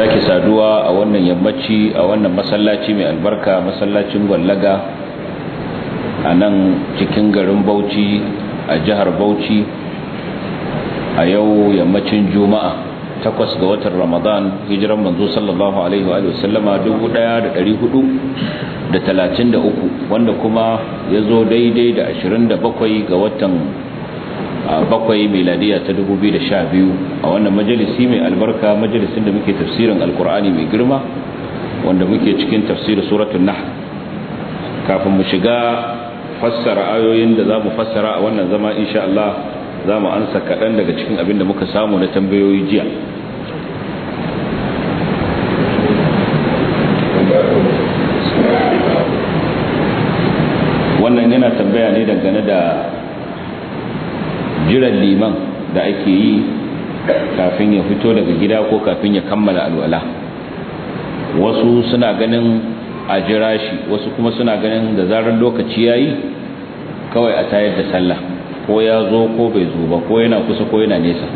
sake saduwa a wannan yammaci a wannan masallaci mai albarka masallacin gwallaga a nan cikin garin bauchi a jihar bauchi a yau yammacin juma'a takwas ga watan ramadan hijiran manzo sallallahu alaihi wa da uku wanda kuma ya zo daidai da bakwai ga watan bakwai miladiya ta 2012 a wannan majalisi mai albarka majalisin da muke tafsirin alkur'ani mai girma wanda muke cikin tafsirin suratun nah kafin mu shiga fassara ayoyin da za mu fassara a wannan zama insha Allah za mu ansa kaɗan daga cikin abin da muka samu na tambayoyi jiya wannan yana tambaya ne dangane da jiran liman da ake yi kafin ya fito daga gida ko kafin ya kammala alwala wasu suna ganin a jira shi wasu kuma suna ganin da zarar lokaci yayi kawai a tayar da sallah ko ya zo ko bai zo ba ko yana kusa ko yana nesa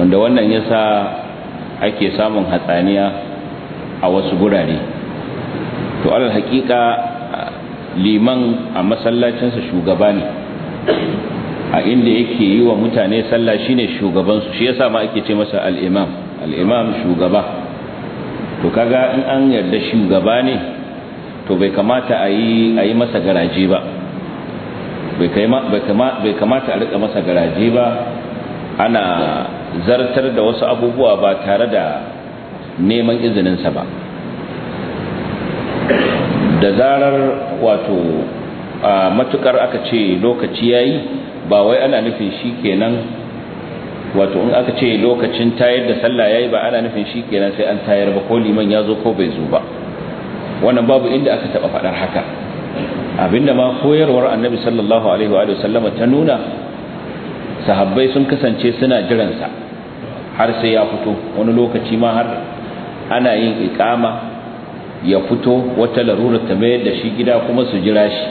wanda wannan yasa ake samun hatsaniya a wasu gurare to alal hakika liman a masallacinsa shugaba ne a inda yake yi wa mutane sallah shine shugabansu, shi yasa ma ake ce masa al-imam al shugaba to kaga in an yarda shugaba ne to bai kamata a yi a yi masa garaje ba bai kamata a rika masa garaje ba ana zartar da wasu abubuwa ba tare da neman izininsa ba da zarar wato a matukar aka ce lokaci yayi ba wai ana nufin shi kenan wato in aka ce lokacin tayar da sallah yayi ba ana nufin shi kenan sai an tayar ba ko liman ya zo ko bai zo ba wannan babu inda aka taba faɗar haka abinda ma koyarwar annabi sallallahu alaihi wa sallama ta nuna sahabbai sun kasance suna jiransa har sai ya fito wani lokaci ma har ana yin iƙama ya fito wata larurar ta mayar da shi gida kuma su jira shi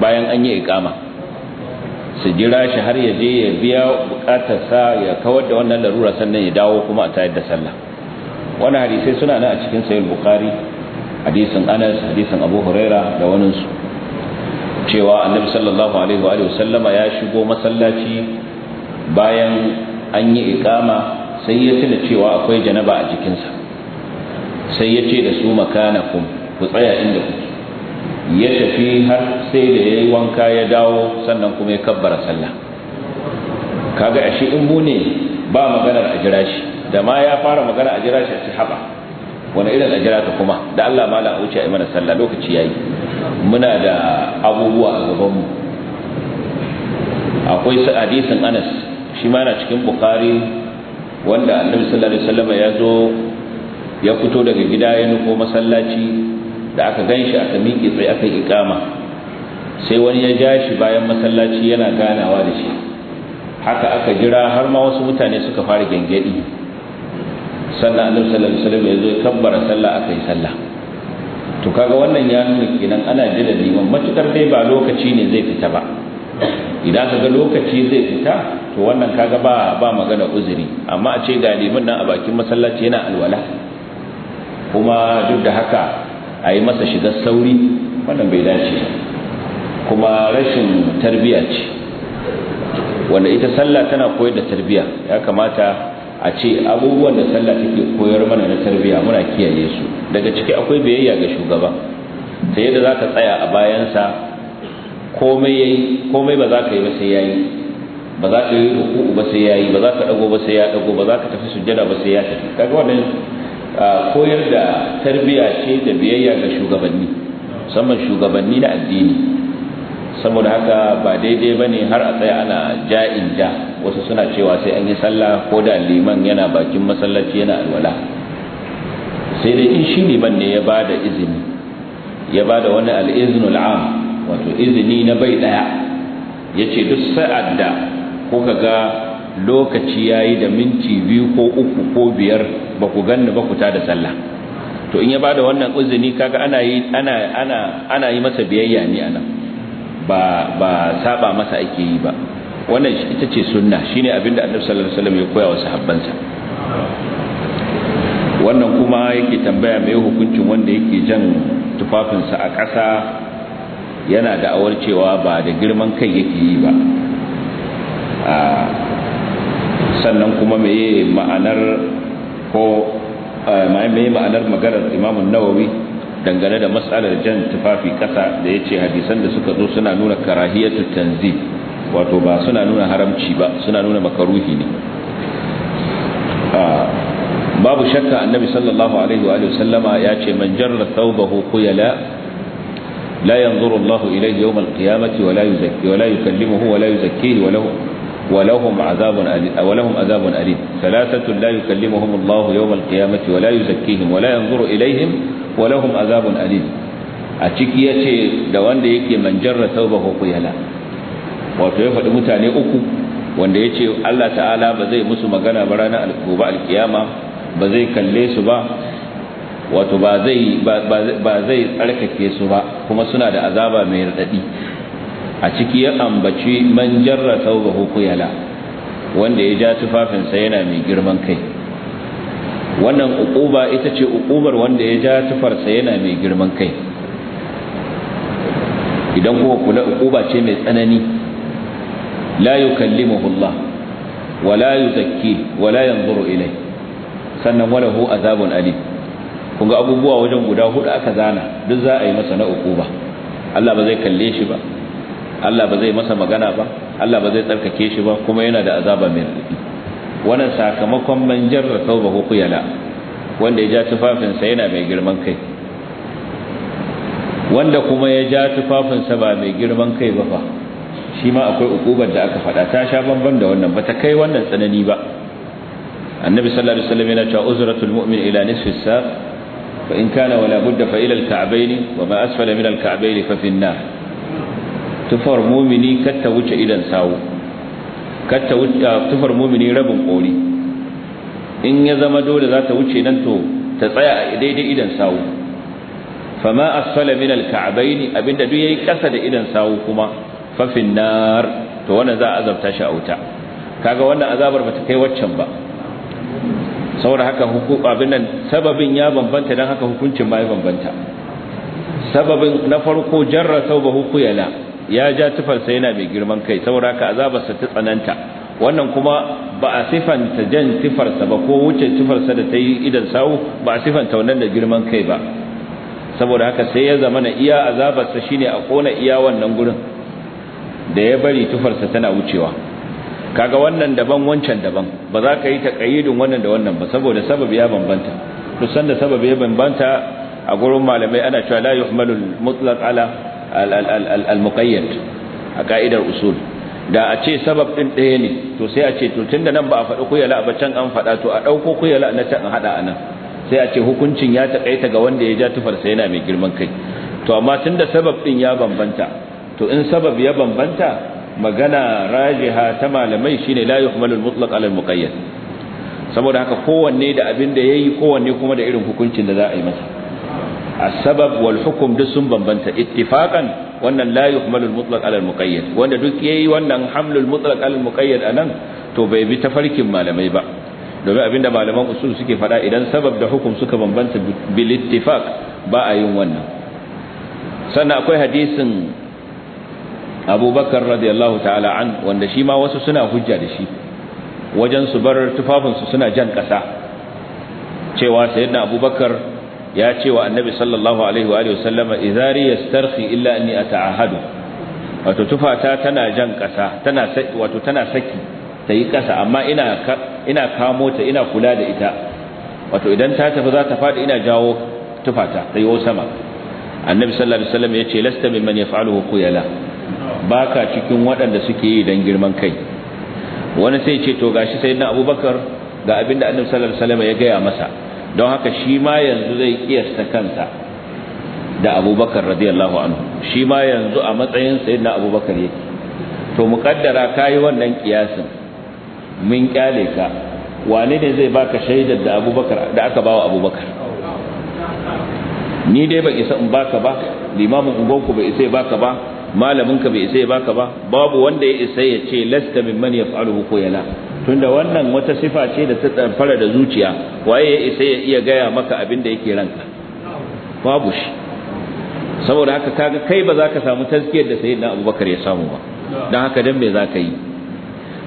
bayan an yi ikama su jira shi har ya je ya biya sa ya kawar da wannan larura sannan ya dawo kuma a tayar da sallah wannan hadisai suna nan a cikin sahih bukhari hadisin anas hadisin abu huraira da waninsu cewa annabi sallallahu alaihi wa sallama ya shigo masallaci bayan an yi iqama sai ya tuna cewa akwai janaba a jikinsa sai ya ce da su makanakum ku tsaya inda kuke ya tafi har sai da ya yi wanka ya dawo sannan kuma ya kabbara sallah kaga ashe in mu ne ba maganar a jira shi da ma ya fara magana a jira shi a ci haba wani irin a jira ta kuma da Allah ma lan wuce a mana sallah lokaci yayi muna da abubuwa a gaban mu akwai hadisin Anas shi ma yana cikin Bukhari wanda Annabi sallallahu alaihi wasallam ya zo ya fito daga gida ya nufo masallaci da aka ganshi aka miƙe tsaye aka ƙama. sai wani ya ja shi bayan masallaci yana ganawa da shi haka aka jira har ma wasu mutane suka fara gengedi sannan annabi sallallahu alaihi wasallam ya zo ya kabbara sallah aka yi sallah to kaga wannan ya nuna kenan ana jira liman matukar dai ba lokaci ne zai fita ba idan kaga lokaci zai fita to wannan kaga ba ba magana uzuri amma a ce ga liman nan a bakin masallaci yana alwala kuma duk da haka a yi masa shiga sauri wannan bai dace kuma rashin tarbiya ce wanda ita sallah tana koyar da tarbiya ya kamata a ce abubuwan da sallah take koyar mana na tarbiya muna kiyaye su daga ciki akwai biyayya ga shugaba ta yadda za ka tsaya a bayansa komai ba za ka yi ba sai yayi ba za ka yi ba sai yayi ba za ka dago ba sai ya dago ba za ka tafi sujjada ba sai ya tafi kaga wannan koyar da tarbiya ce da biyayya ga shugabanni saman shugabanni na addini saboda haka ba daidai bane har a tsaya ana ja'in ja wasu suna cewa sai an yi sallah ko da liman yana bakin masallaci yana alwala sai dai in shi liman ne ya ba da izini ya ba da wani al'izinul am wato izini na bai daya ya ce duk sa'ad da kuka ga lokaci yayi da minti biyu ko uku ko biyar ba ku ganni ba ku ta da sallah to in ya ba da wannan uzuri kaga ana yi ana ana ana yi masa biyayya ne anan ba ba saba masa ake yi ba wannan ita ce sunna shine abinda annabi sallallahu alaihi wasallam ya koya wa sahabbansa wannan kuma yake tambaya mai hukuncin wanda yake jan tufafinsa a ƙasa yana da cewa ba da girman kai yake yi ba ah, sannan kuma meye ma'anar ko eh, meye ma'anar maganar imamun nawawi dangane da matsalar jan tufafi kasa da ya ce hadisan da suka zo suna nuna karahiyatu tanzil wato ba suna nuna haramci ba suna nuna makaruhi ne ah, babu shakka annabi sallallahu alaihi wa sallama ya ce man jarra thawbahu quyala la yanzuru Allahu ilayhi yawm al-qiyamati wa la yuzakki wa la yukallimuhu wa la yuzakkihi wa lahu ولهم عذاب أليم ولهم عذاب أليم ثلاثة لا يكلمهم الله يوم القيامة ولا يزكيهم ولا ينظر إليهم ولهم عذاب أليم أتيكي يشي لو أن يكي من جر ثوبه قيلا وتوفى المتاني أكو wanda ya ce Allah ta'ala ba zai musu magana ba ranar gobe alkiyama ba zai kalle su ba wato ba zai tsarkake su ba kuma suna da azaba mai raɗaɗi a ciki ya ambaci man jarra thawbahu hukuyala wanda ya ja tufafinsa yana mai girman kai wannan uquba ita ce uqubar wanda ya ja tufarsa yana mai girman kai idan kuma kula uquba ce mai tsanani la yukallimuhu Allah wa la yuzakki wa la yanzuru ilai sannan wala hu azabun Ali, kun ga abubuwa wajen guda hudu aka zana duk za a yi masa na uquba Allah ba zai kalle shi ba Allah ba zai masa magana ba Allah ba zai tsarkake shi ba kuma yana da azaba mai rufi wannan sakamakon man jarra taubahu kuyala wanda ya ja tufafinsa yana mai girman kai wanda kuma ya ja tufafinsa ba mai girman kai ba fa shi ma akwai ukubar da aka faɗa ta sha bamban da wannan ba ta kai wannan tsanani ba annabi sallallahu alaihi wasallam yana cewa uzratul mu'min ila nisfi saq fa in kana wala budda fa ila al-ka'bayn wa ma asfala min al-ka'bayn fa fi an-nar tufar mumini katta wuce idan sawu katta ah, tufar mumini rabin kori in ya zama dole za ta wuce nan to ta tsaya a daidai idan sawu fama asfala min alka'bayn abinda duk yayi kasa da idan sawu kuma fa finnar to wannan za a azabta shi a wuta kaga wannan azabar bata kai waccan ba saboda haka hukuku abin nan sababin ya bambanta dan haka hukuncin ma ya bambanta sababin na farko jarra saubahu kuyala ya ja tufarsa yana mai girman kai saboda ka azabarsa ta tsananta wannan kuma ba a sifanta jan tufarsa ba ko wuce tufarsa da ta yi idan sawu ba a sifanta wannan da girman kai ba saboda haka sai ya zama na iya azabarsa shine a kona iya wannan gurin da ya bari tufarsa tana wucewa kaga wannan daban wancan daban ba za ka yi taqayyidin wannan da wannan ba saboda sababi ya bambanta to sanda sababi ya bambanta a gurin malamai ana cewa la yuhmalul mutlaq ala al-muqayyad a ka'idar usul da a ce sabab din ɗaya ne to sai a ce to tunda nan ba a faɗi kuyala ba can an faɗa to a ɗauko kuyala na can haɗa a nan sai a ce hukuncin ya taƙaita ga wanda ya ja tufarsa yana mai girman kai to amma tunda sabab din ya bambanta to in sabab ya bambanta magana rajiha ta malamai shine la yuhmalu mutlaq ala al saboda haka kowanne da abin da yayi kowanne kuma da irin hukuncin da za a yi masa A sabab wal hukum duk sun bambanta ittifaqan wannan la yuhmalu al-mutlaq ala al wanda duk yayi wannan hamlul mutlaq ala al-muqayyad anan to bai bi tafarkin malamai ba domin abinda malaman usul suke faɗa idan sabab da hukum suka bambanta bil ittifaq ba a yin wannan sannan akwai hadisin abubakar radiyallahu ta'ala an wanda shi ma wasu suna hujja da shi wajen su bar tufafinsu suna jan ƙasa cewa sayyidina abubakar ya ce wa annabi sallallahu alaihi wa alihi wasallama izari yastarhi illa anni ata'ahadu wato tufata tana jan kasa tana wato tana saki ta yi kasa amma ina ina kamo ta ina kula da ita wato idan ta tafi za ta fadi ina jawo tufata ta yi sama annabi sallallahu alaihi wasallam yace lasta mimman yaf'aluhu khuyala baka cikin waɗanda suke yi dan girman kai wani sai ce to gashi sayyidina abubakar ga abinda annabi sallallahu alaihi wasallam ya gaya masa don haka shi ma yanzu zai kiyasta kanta da abubakar radiyallahu anhu shi ma yanzu a matsayin na abubakar yake to mukaddara ka yi wannan kiyasin mun kyale ka wane ne zai baka shaidar da abubakar da aka bawa abubakar ni dai ban isa in baka ba limamin ungonku bai isa ya baka ba malamin ka bai isa ya baka ba babu wanda ya isa ya ce lasta mimman yaf'aluhu ko yana. tunda wannan wata sifa ce da ta tsamfara da zuciya waye ya isa ya iya gaya maka abin da yake ranka babu shi saboda haka kaga kai ba za ka samu taskiyar da sayyidina abubakar ya samu ba don haka dan me za ka yi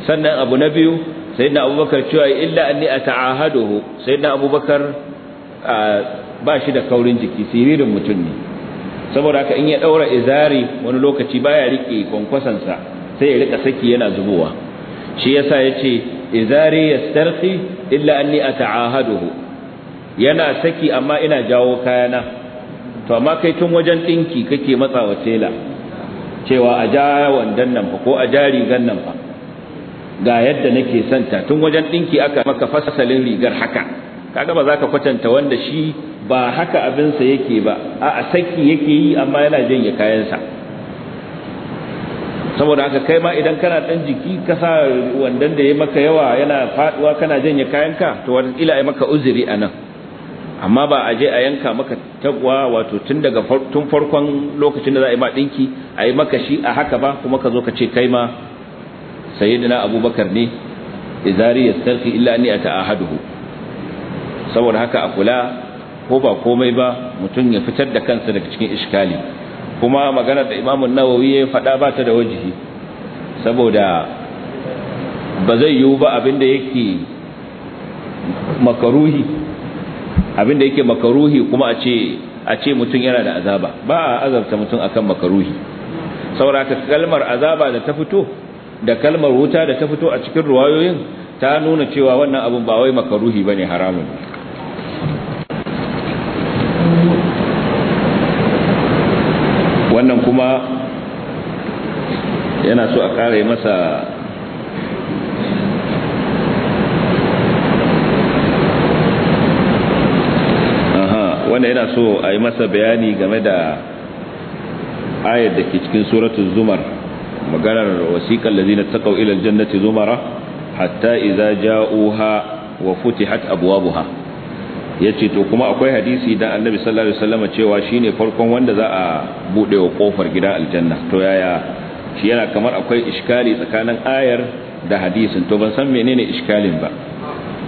sannan abu na biyu sayyidina abubakar cewa illa anni ata'ahaduhu sayyidina abubakar ba shi da kaurin jiki siririn mutum ne saboda haka in ya daura izari wani lokaci baya rike kwankwasansa sai ya rika saki yana zubowa shi yasa yace izari yastarqi illa anni ata'ahaduhu yana saki amma ina jawo kayana to amma kai tun wajen dinki kake matsawa tela cewa a ja wandan nan fa ko a ja rigan nan fa ga yadda nake santa tun wajen dinki aka maka fasalin rigar haka kaga ba za ka kwatanta wanda shi ba haka abinsa yake ba a saki yake yi amma yana janye kayansa saboda haka kai ma idan kana dan jiki ka sa wandan da ya maka yawa yana faduwa kana janye kayanka to wani ila ai maka uzuri anan amma ba a je a yanka maka tagwa wato tun daga tun farkon lokacin da za a yi ma dinki a yi maka shi a haka ba kuma ka zo ka ce kai ma sayyidina abubakar ne izari yastarqi illa anni ata'ahaduhu saboda haka a kula ko ba komai ba mutum ya fitar da kansa daga cikin iskali kuma magana da imamun nawawi ya faɗa ba ta da wajihi saboda ba zai yiwu ba abinda yake makaruhi abinda yake makaruhi kuma a ce mutum yana da azaba ba a azabta mutum akan makaruhi sauraka kalmar azaba da ta fito da kalmar wuta da ta fito a cikin ruwayoyin ta nuna cewa wannan abin ba wai makaruhi ne haramun yana so a ƙara masa wanda yana so a yi masa bayani game da ayar da ke cikin suratun zumar maganar wasiƙar lazina ta ƙau'ilar jannati zumara hatta iza ja'uha wa futihat abuwabuha ya ce to kuma akwai hadisi da annabi sallallahu alaihi cewa shine farkon wanda za a buɗe wa ƙofar gidan aljanna to yaya shi yana kamar akwai iskali tsakanin ayar da hadisin to ban san menene iskalin ba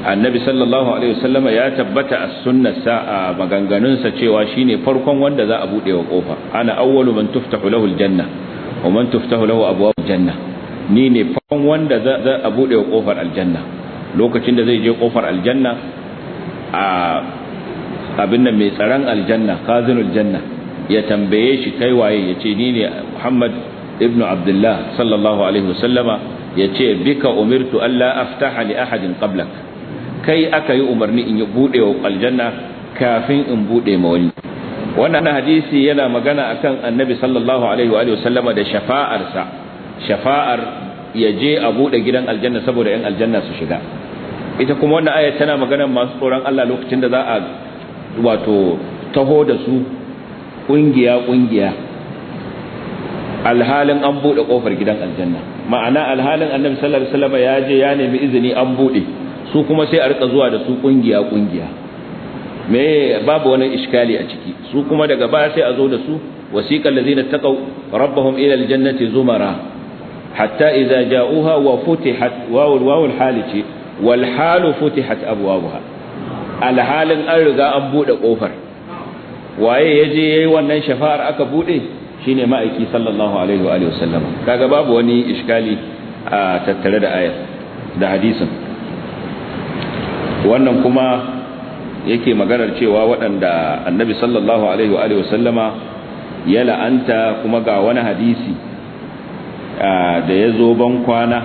annabi sallallahu alaihi wasallama ya tabbata a sunnarsa a maganganunsa cewa shine farkon wanda za a bude wa kofa ana awwalu man tuftahu lahu aljanna wa man tuftahu lahu abwabul janna ni ne farkon wanda za a bude wa kofar aljanna lokacin da zai je kofar aljanna a abin nan mai tsaron aljanna kazinul janna ya tambaye shi kai waye yace ni ne muhammad ibnu abdullah sallallahu alaihi wasallama yace bika umirtu alla aftaha li ahadin qablak kai aka yi umarni in yi bude wa aljanna kafin in bude ma wani wannan hadisi yana magana akan annabi sallallahu alaihi wa sallama da shafa'arsa shafa'ar ya je a bude gidan aljanna saboda yan aljanna su shiga ita kuma wannan aya tana magana masu tsoron Allah lokacin da za a wato taho da su ƙungiya ƙungiya. alhalin an buɗe kofar gidan aljanna ma'ana alhalin annabi sallallahu alaihi wasallam ya je ya nemi izini an buɗe. su kuma sai a rika zuwa da su kungiya kungiya me babu wani iskali a ciki su kuma daga baya sai a zo da su wasiqal ladina taqaw rabbahum ila aljannati zumara hatta idza ja'uha wa futihat wawu wawu alhalici wal halu futihat abwabuha alhalin an riga an buɗe kofar waye yaje yayi wannan shafa'ar aka buɗe? shine ma'aiki sallallahu alaihi wa alihi wasallam kaga babu wani iskali a tattare da ayar da hadisin wannan kuma yake maganar cewa waɗanda annabi sallallahu alaihi wa alihi wasallama ya la'anta kuma ga wani hadisi da ya zo ban kwana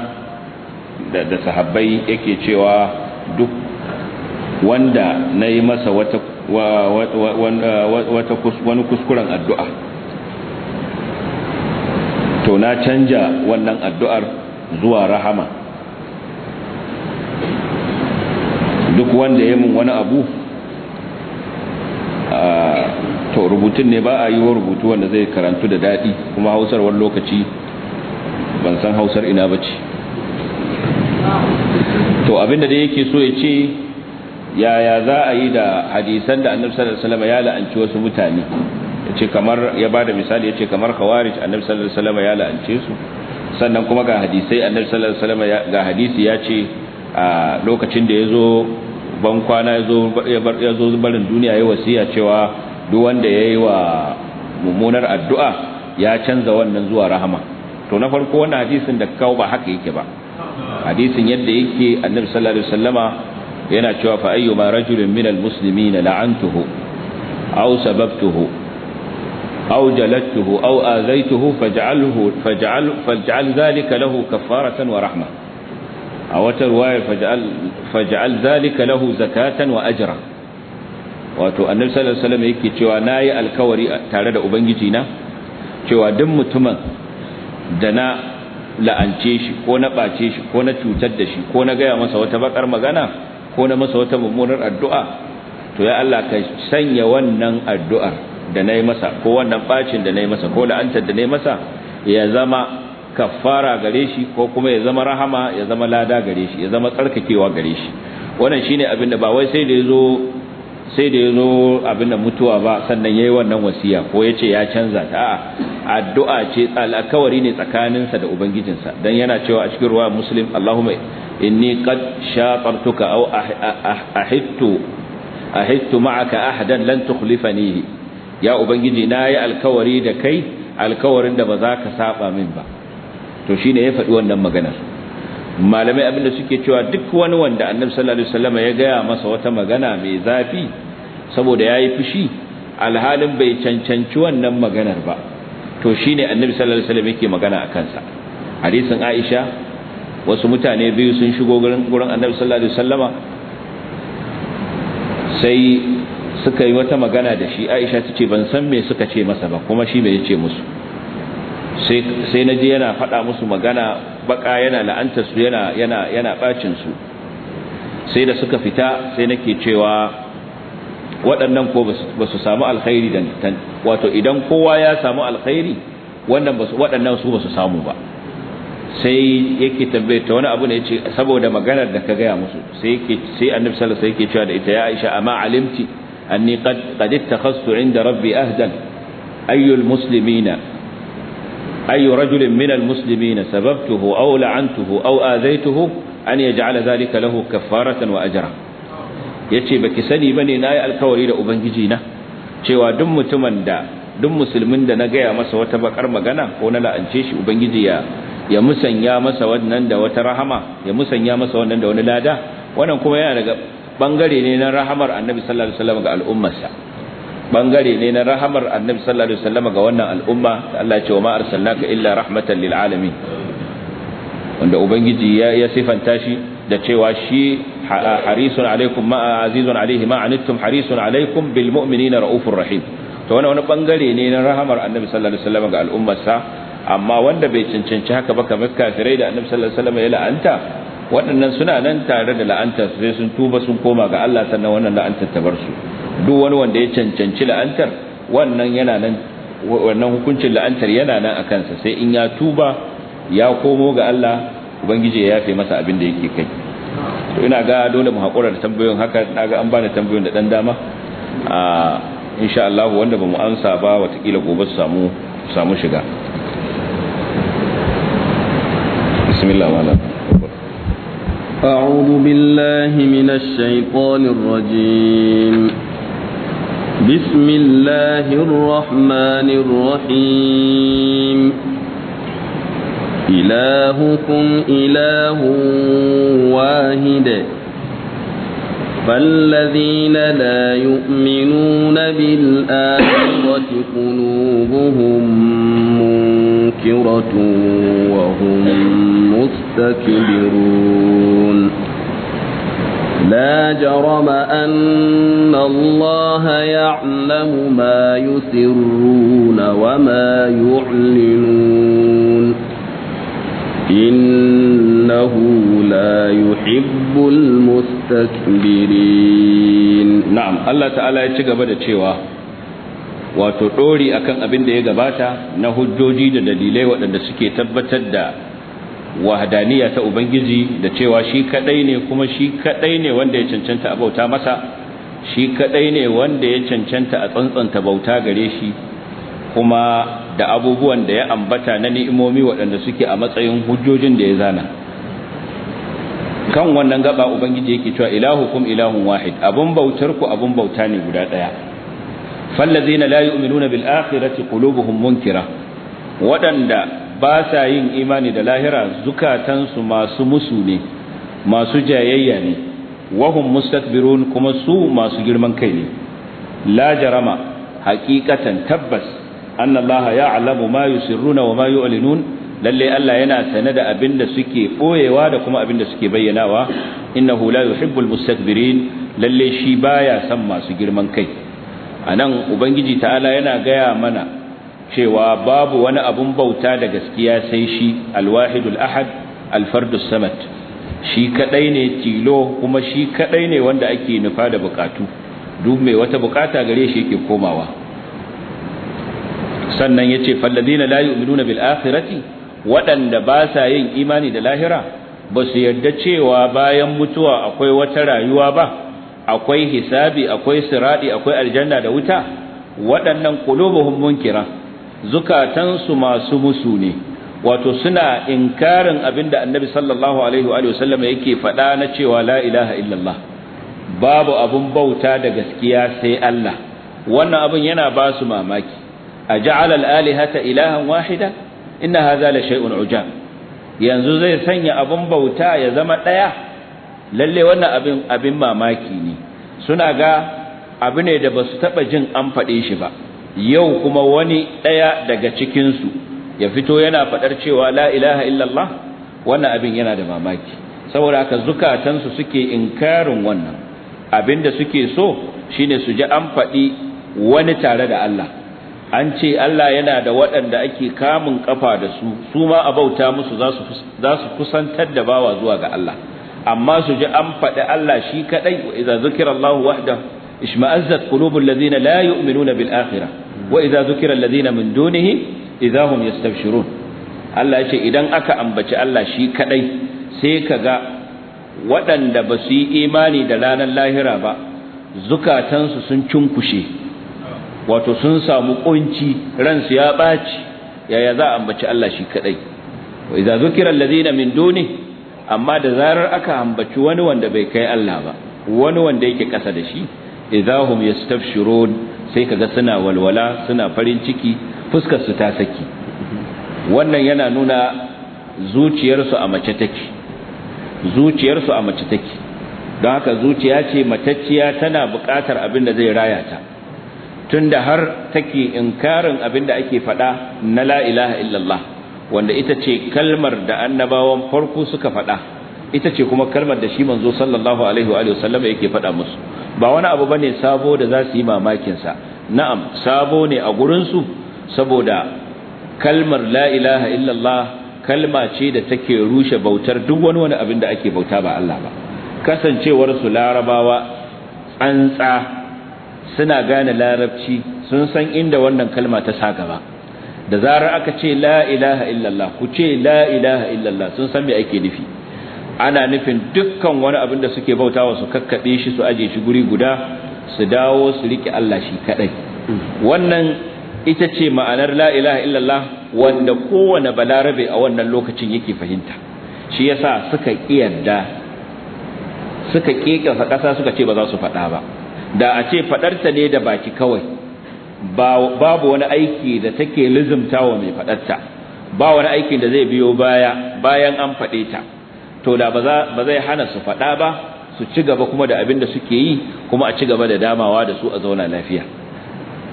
da sahabbai yake cewa duk wanda na yi masa wata wani kuskuren addu'a wato na canja wannan addu'ar zuwa rahama duk wanda ya mun wani abu to rubutun ne ba a yi wa rubutu wanda zai karantu da daɗi kuma hausar wani lokaci ban san hausar ina ba ce to abinda da yake so ya ce yaya za a yi da hadisan da annabi sallallahu ya la'anci wasu mutane yace kamar ya bada misali yace kamar khawarij annabi sallallahu alaihi wasallam ya la'ance su sannan kuma ga hadisai annabi sallallahu alaihi wasallam ga hadisi ya a lokacin da yazo ban kwana yazo yazo barin duniya yayi wasiya cewa duk wanda yayi wa mummunar addu'a ya canza wannan zuwa rahama to na farko wannan hadisin da kawo ba haka yake ba hadisin yadda yake annabi sallallahu alaihi wasallam yana cewa fa ayyuma rajulin minal muslimina la'antuhu aw sababtuhu أو جلدته أو آذيته فاجعله فاجعل, فاجعل ذلك له كفارة ورحمة أو ترواية فاجعل, فاجعل ذلك له زكاة وأجرا wato annabi sallallahu alaihi wasallam yake cewa nayi alkawari tare da ubangiji na cewa duk mutumin da na la'ance shi ko na bace shi ko na cutar da shi ko na gaya masa wata bakar magana ko na masa wata mummunar addu'a to ya Allah ka sanya wannan addu'ar da na yi masa ko wannan bacin da na yi masa ko la'antar da na yi masa ya zama kafara gare shi ko kuma ya zama rahama ya zama lada gare shi ya zama tsarkakewa gare shi wannan shine abin da ba wai sai da yazo sai da ya abin da mutuwa ba sannan ya yi wannan wasiya ko ya ce ya canza ta a addu'a ce alkawari ne tsakaninsa da ubangijinsa dan yana cewa a cikin ruwa muslim Allahumma inni qad shaqartuka aw ah, ah, ah, ahittu ahittu ma'aka ahadan lan tukhlifanihi ya ubangiji na yi alkawari da kai alkawarin da ba za ka saba min ba to shine ya faɗi wannan maganar malamai abinda suke cewa duk wani wanda annabi sallallahu alaihi wasallam ya gaya masa wata magana mai zafi saboda ya yi fushi alhalin bai cancanci wannan maganar ba to shine annabi sallallahu alaihi wasallam yake magana a kansa hadisin Aisha wasu mutane biyu sun shigo gurin annabi sallallahu alaihi wasallama sai suka yi wata magana da shi aisha ta ce ban san me suka ce masa ba kuma shi me yace ce musu sai na je yana faɗa musu magana baka yana la'antar su yana yana yana bacin su sai da suka fita sai nake cewa waɗannan ko ba su samu alkhairi dan wato idan kowa ya samu alkhairi wannan ba su waɗannan su ba su samu ba sai yake ta wani abu ne yace saboda maganar da ka gaya musu sai yake sai annabi sallallahu alaihi wasallam yake cewa da ita ya Aisha amma alimti أني قد, قد اتخذت عند ربي أهدا أي المسلمين أي رجل من المسلمين سببته أو لعنته أو آذيته أن يجعل ذلك له كفارة وأجرا yace baki sani bane nayi alkawari da ubangiji na cewa duk mutumin da duk musulmin da na gaya masa wata bakar magana ko na la'ance shi ubangiji ya ya musanya masa wannan da wata rahama ya musanya masa wannan da wani lada wannan kuma yana daga bangare ne na rahamar annabi sallallahu alaihi wasallam ga al'ummarsa bangare ne na rahamar annabi sallallahu alaihi wasallam ga wannan al'umma da Allah ya ce wa ma arsalnaka illa rahmatan lil alamin wanda ubangiji ya ya sifanta shi da cewa shi harisun alaikum ma azizun alaihi ma anittum harisun alaikum bil mu'minina raufur rahim to wannan wani bangare ne na rahamar annabi sallallahu alaihi wasallam ga al'ummarsa amma wanda bai cancanci haka ba kamar kafirai da annabi sallallahu alaihi wasallam ya la'anta waɗannan suna nan tare da la'antar su sai sun tuba sun koma ga Allah sannan wannan la'antar ta bar su duk wani wanda ya cancanci la'antar wannan yana nan wannan hukuncin la'antar yana nan a kansa sai in ya tuba ya komo ga Allah ubangiji ya yafe masa abin da yake kai to ina ga dole mu hakura da tambayoyin haka na ga an bani tambayoyin da dan dama a insha Allah wanda mu amsa ba watakila gobe su samu samu shiga bismillah malam أعوذ بالله من الشيطان الرجيم بسم الله الرحمن الرحيم إلهكم إله واحد فالذين لا يؤمنون بالآخرة قلوبهم منكرة وهم مستكبرون لا جرم أن الله يعلم ما يسرون وما يعلنون إنه لا يحب المستكبرين نعم الله تعالى يتقبل الشيوى wato ɗori akan abin da ya gabata na hujjoji da dalilai waɗanda suke tabbatar da wahadaniya ta ubangiji da cewa shi kadai ne kuma shi kaɗai ne wanda ya cancanta a bauta masa shi kadai ne wanda ya cancanta a tsantsanta bauta gare shi kuma da abubuwan da ya ambata na ni'imomi waɗanda suke a matsayin hujjojin da ya zana kan wannan gaba ubangiji yake cewa ilahukum ilahun wahid abun bautar ku abun bauta ne guda ɗaya fallazina la yu'minuna bil akhirati qulubuhum munkira waɗanda ba sa yin imani da lahira zukatansu masu musu ne masu jayayya ne wahum mustakbirun kuma su masu girman kai ne la jarama haƙiƙatan tabbas anna allaha ya'lamu ma yusirruna wa ma yu'linun lalle Allah yana sane da abin da suke boyewa da kuma abinda suke bayyanawa innahu la yuhibbul mustakbirin lalle shi baya san masu girman kai anan ubangiji ta'ala yana gaya mana cewa babu wani abun bauta da gaskiya sai shi alwahidul ahad alfardus samad shi kadai ne tilo kuma shi kadai ne wanda ake nufa da bukatu duk mai wata bukata gare shi yake komawa sannan ya ce fallazina la yu'minuna bil akhirati waɗanda ba sa yin imani da lahira ba su yarda cewa bayan mutuwa akwai wata rayuwa ba akwai hisabi akwai siradi akwai aljanna da wuta waɗannan qulubuhum munkira zukatansu masu musu ne wato suna inkarin abinda annabi sallallahu alaihi wa sallam yake faɗa na cewa la ilaha illallah babu abun bauta da gaskiya sai Allah wannan abun yana ba su mamaki aj'ala al-alihata ilahan wahida inna hadha la shay'un yanzu zai sanya abin bauta ya zama ɗaya. lalle wannan abin abin mamaki ne suna ga abu ne da basu taba jin an fade shi ba yau kuma wani ɗaya daga cikin su ya fito yana faɗar cewa la ilaha illallah wannan abin yana da mamaki saboda haka zukatansu suke inkarin wannan da suke so shine su ji an faɗi wani tare da Allah an ce Allah yana da waɗanda ake kamun kafa da su su ma a bauta musu za su kusantar da bawa zuwa ga Allah amma su ji an faɗi Allah shi kaɗai wa idza zukira Allah wahda ishma'azzat qulubul ladina la yu'minuna bil akhirah wa idza zukira alladhina min dunihi idza hum yastabshirun Allah ya ce idan aka ambaci Allah shi kaɗai sai ka ga waɗanda ba su yi imani da ranar lahira ba zukatansu sun cunkushe wato sun samu kunci ransu ya baci yaya za a ambaci Allah shi kadai wa idza zukira allazina min duni amma da zarar aka ambaci wani wanda bai kai Allah ba wani wanda yake kasa da shi idahum yastabshirun sai kaga suna walwala suna farin ciki fuskar su ta saki wannan yana nuna zuciyarsu a mace take zuciyarsu a mace take don haka zuciya ce matacciya tana buƙatar abin da zai raya ta tunda har take inkarin abin da ake faɗa na la ilaha illallah wanda ita ce kalmar da annabawan farko suka faɗa ita ce kuma kalmar da shi manzo sallallahu alaihi wa sallam yake faɗa musu ba wani abu bane sabo da za su yi mamakin sa na'am sabo ne a gurin su saboda kalmar la ilaha illallah kalma ce da take rushe bautar duk wani wani abin da ake bauta ba Allah ba kasancewar su larabawa tsantsa suna gane larabci sun san inda wannan kalma ta sa gaba da zarar aka ce la ilaha illallah ku ce la ilaha illallah sun san me ake nufi ana nufin dukkan wani abin da suke bautawa su kakkabe shi su aje shi guri guda su dawo su rike Allah shi kadai wannan ita ce ma'anar la ilaha illallah wanda kowane balarabe a wannan lokacin yake fahimta shi yasa suka kiyarda suka kekasa kasa suka ce ba za su faɗa ba da a ce fadarsa ne da baki kawai babu wani aiki da take wa mai fadarta ba wani aikin da zai biyo baya bayan an fade ta to da ba zai hana su faɗa ba su ci gaba kuma da abin da suke yi kuma a ci gaba da damawa da su a zauna lafiya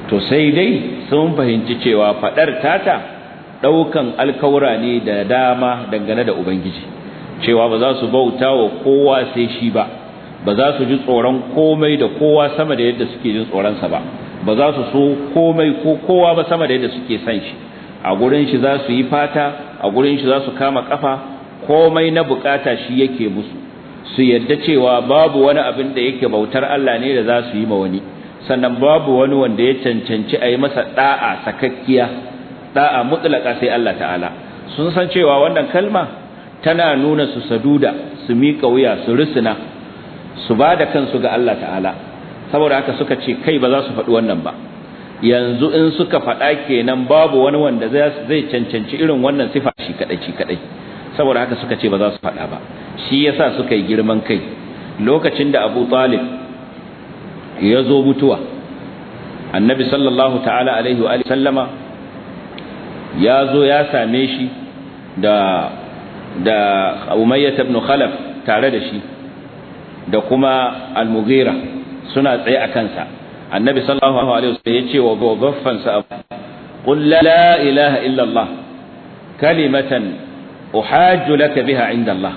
to sai dai sun fahimci cewa fadar tata daukan alkawura ne da dama dangane da ubangiji cewa ba za su bauta wa kowa sai shi ba ba za su ji tsoron komai da kowa sama da yadda suke jin tsoronsa ba ba za su so komai ko kowa ba sama da yadda suke san shi a gurin shi za su yi fata a gurin shi za su kama kafa komai na bukata shi yake musu su yadda cewa babu wani abin da yake bautar Allah ne da za su yi ma wani sannan babu wani wanda ya cancanci a yi masa da'a sakakkiya da'a mutlaka sai Allah ta'ala sun san cewa wannan kalma tana nuna su saduda su miƙa wuya su risina su ba da kansu ga Allah ta'ala saboda haka suka ce kai ba za su faɗi wannan ba yanzu in suka faɗa kenan babu wani wanda zai cancanci irin wannan sifa shi kadai shi kadai saboda haka suka ce ba za su faɗa ba shi yasa suka yi girman kai lokacin da Abu Talib ya zo mutuwa annabi sallallahu ta'ala alaihi wa sallama ya zo ya same shi da da Umayyah ibn Khalaf tare da shi da kuma al suna tsaye a kansa annabi sallallahu alaihi wasallam ya ce wa gogaffansa qul la ilaha illa allah kalimatan uhajju laka biha inda allah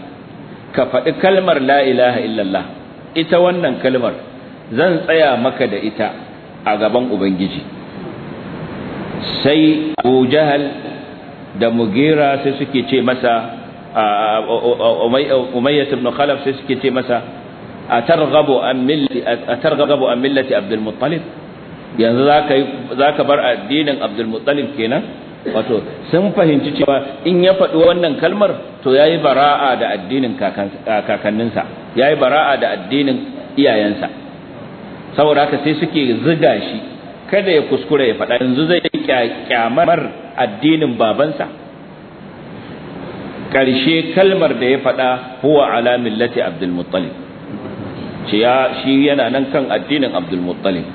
ka faɗi kalmar la ilaha illa allah ita wannan kalmar zan tsaya maka da ita a gaban ubangiji sai abu jahal da mugira sai suke ce masa umayyat ibn khalaf sai suke ce masa A an millati an millati abdul yanzu zaka zaka bar addinin abdul muttalib kenan wato sun fahimci cewa in ya faɗi wannan kalmar to yayi bara'a da addinin kakanninsa yayi bara'a da addinin iyayensa saboda haka sai suke ziga shi kada ya kuskure ya faɗa yanzu zai kyamar addinin babansa ƙarshe kalmar da ya faɗa huwa ala millati abdul muttalib ce ya shi yana nan kan addinin Abdul Muttalib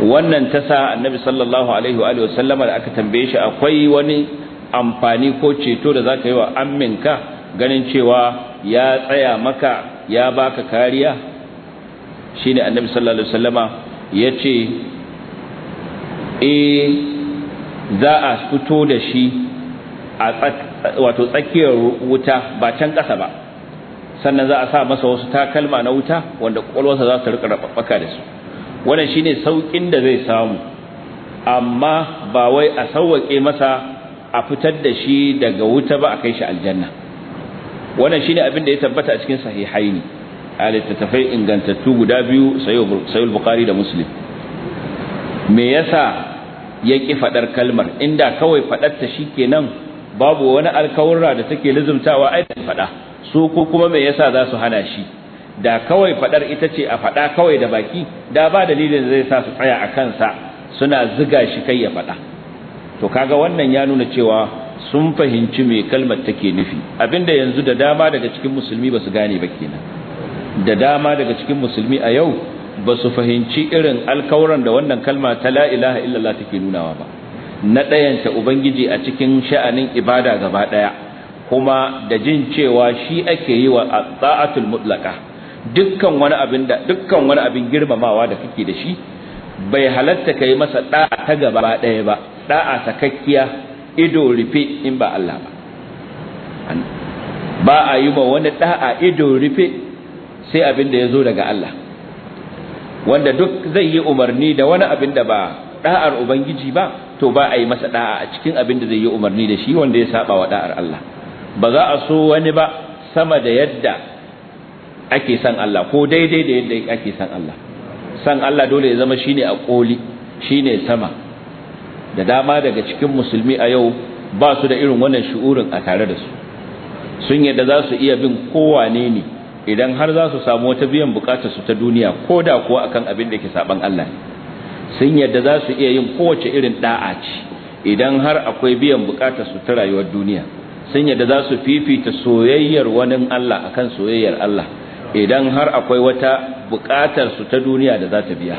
wannan ta sa annabi sallallahu alaihi wa sallama da aka tambaye shi akwai wani amfani ko ceto da zaka yi wa amminka ganin cewa ya tsaya maka ya baka kariya shine annabi sallallahu alaihi wa sallama yace eh za a fito da shi a wato tsakiyar wuta ba can ƙasa ba sannan za a sa masa wasu takalma na wuta wanda kwakwalwarsa za su rika rababbaka da su wannan shine saukin da zai samu amma ba wai a sauwake masa a fitar da shi daga wuta ba a kai shi aljanna wannan shine abin da ya tabbata a cikin sahihaini a littattafai ingantattu guda biyu sayul bukhari da muslim me yasa ya ki fadar kalmar inda kawai fadar ta shikenan babu wani alkawurra da take lizumtawa ai da fada su ko kuma me yasa za su hana shi da kawai fadar ita ce a fada kawai da baki da ba dalilin zai sa su tsaya a kansa suna ziga shi kai ya fada to kaga wannan ya nuna cewa sun fahimci me kalmar take nufi abinda yanzu da dama daga cikin musulmi ba su gane ba kenan da dama daga cikin musulmi a yau ba su fahimci irin alkawuran da wannan kalma ta la ilaha illallah take nunawa ba na ɗayanta ubangiji a cikin sha'anin ibada gaba ɗaya kuma da jin cewa shi ake yi wa tsa'atul mutlaka dukkan wani abin da dukkan wani abin girmamawa da kake da shi bai halatta kai masa da'a ta gaba daya ba da'a sakakkiya ido rufe in ba Allah ba ba a yi ba wani da'a ido rufe sai abin da ya zo daga Allah wanda duk zai yi umarni da wani abin da ba da'ar ubangiji ba to ba a yi masa da'a a cikin abin da zai yi umarni da shi wanda ya saba wa da'ar Allah ba za a so wani ba sama da yadda ake san Allah ko daidai da yadda ake san Allah san Allah dole ya zama shine a koli shine sama da dama daga cikin musulmi a yau ba su da irin wannan shu'urin a tare da su sun yadda za su iya bin kowane ne idan har za su samu wata biyan bukatar su ta duniya ko da kuwa akan abin da ke saban Allah sun yadda za su iya yin kowace irin da'a ce idan har akwai biyan bukatar su ta rayuwar duniya sun yadda za su fifita soyayyar wani Allah akan soyayyar Allah idan har akwai wata buƙatar su ta duniya da za ta biya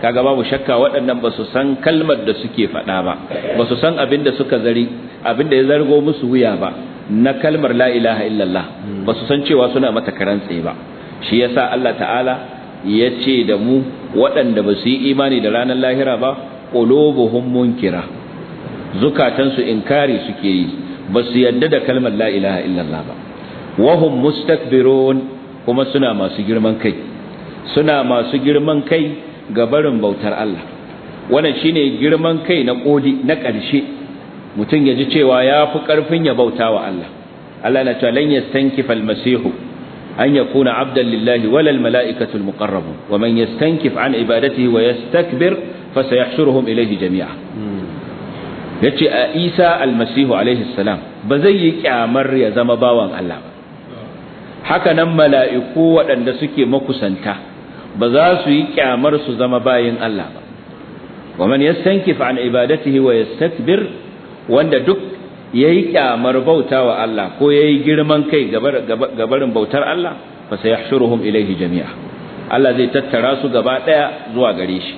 kaga babu shakka waɗannan ba su san kalmar da suke faɗa ba ba su san abin da suka zari abin da ya zargo musu wuya ba na kalmar la ilaha illallah ba su san cewa suna mata karantse ba shi yasa Allah ta'ala ya ce da mu waɗanda ba su yi imani da ranar lahira ba qulubuhum munkira zukatansu inkari suke yi ba su yadda da kalmar la ilaha illallah ba wahum mustakbirun kuma suna masu girman kai suna masu girman kai ga barin bautar Allah wannan shine girman kai na kodi na ƙarshe mutum ya ji cewa ya fi ƙarfin ya bauta wa Allah Allah na cewa lan yastankifa almasihu an yakuna abdan lillahi wal mala'ikatu almuqarrabun wa man yastankif an ibadatihi wa yastakbir fasayahshuruhum ilayhi jami'a hmm. yace a Isa almasihu alaihi salam ba zai yi kyamar ya zama bawan Allah ba haka nan mala'iku waɗanda suke makusanta ba za su yi kyamar su zama bayin Allah ba wa man yastankif an ibadatihi wa yastakbir wanda duk yayi kyamar bauta wa Allah ko yayi girman kai gabarin bautar Allah fa sayahshuruhum ilaihi jami'a Allah zai tattara su gaba ɗaya zuwa gare shi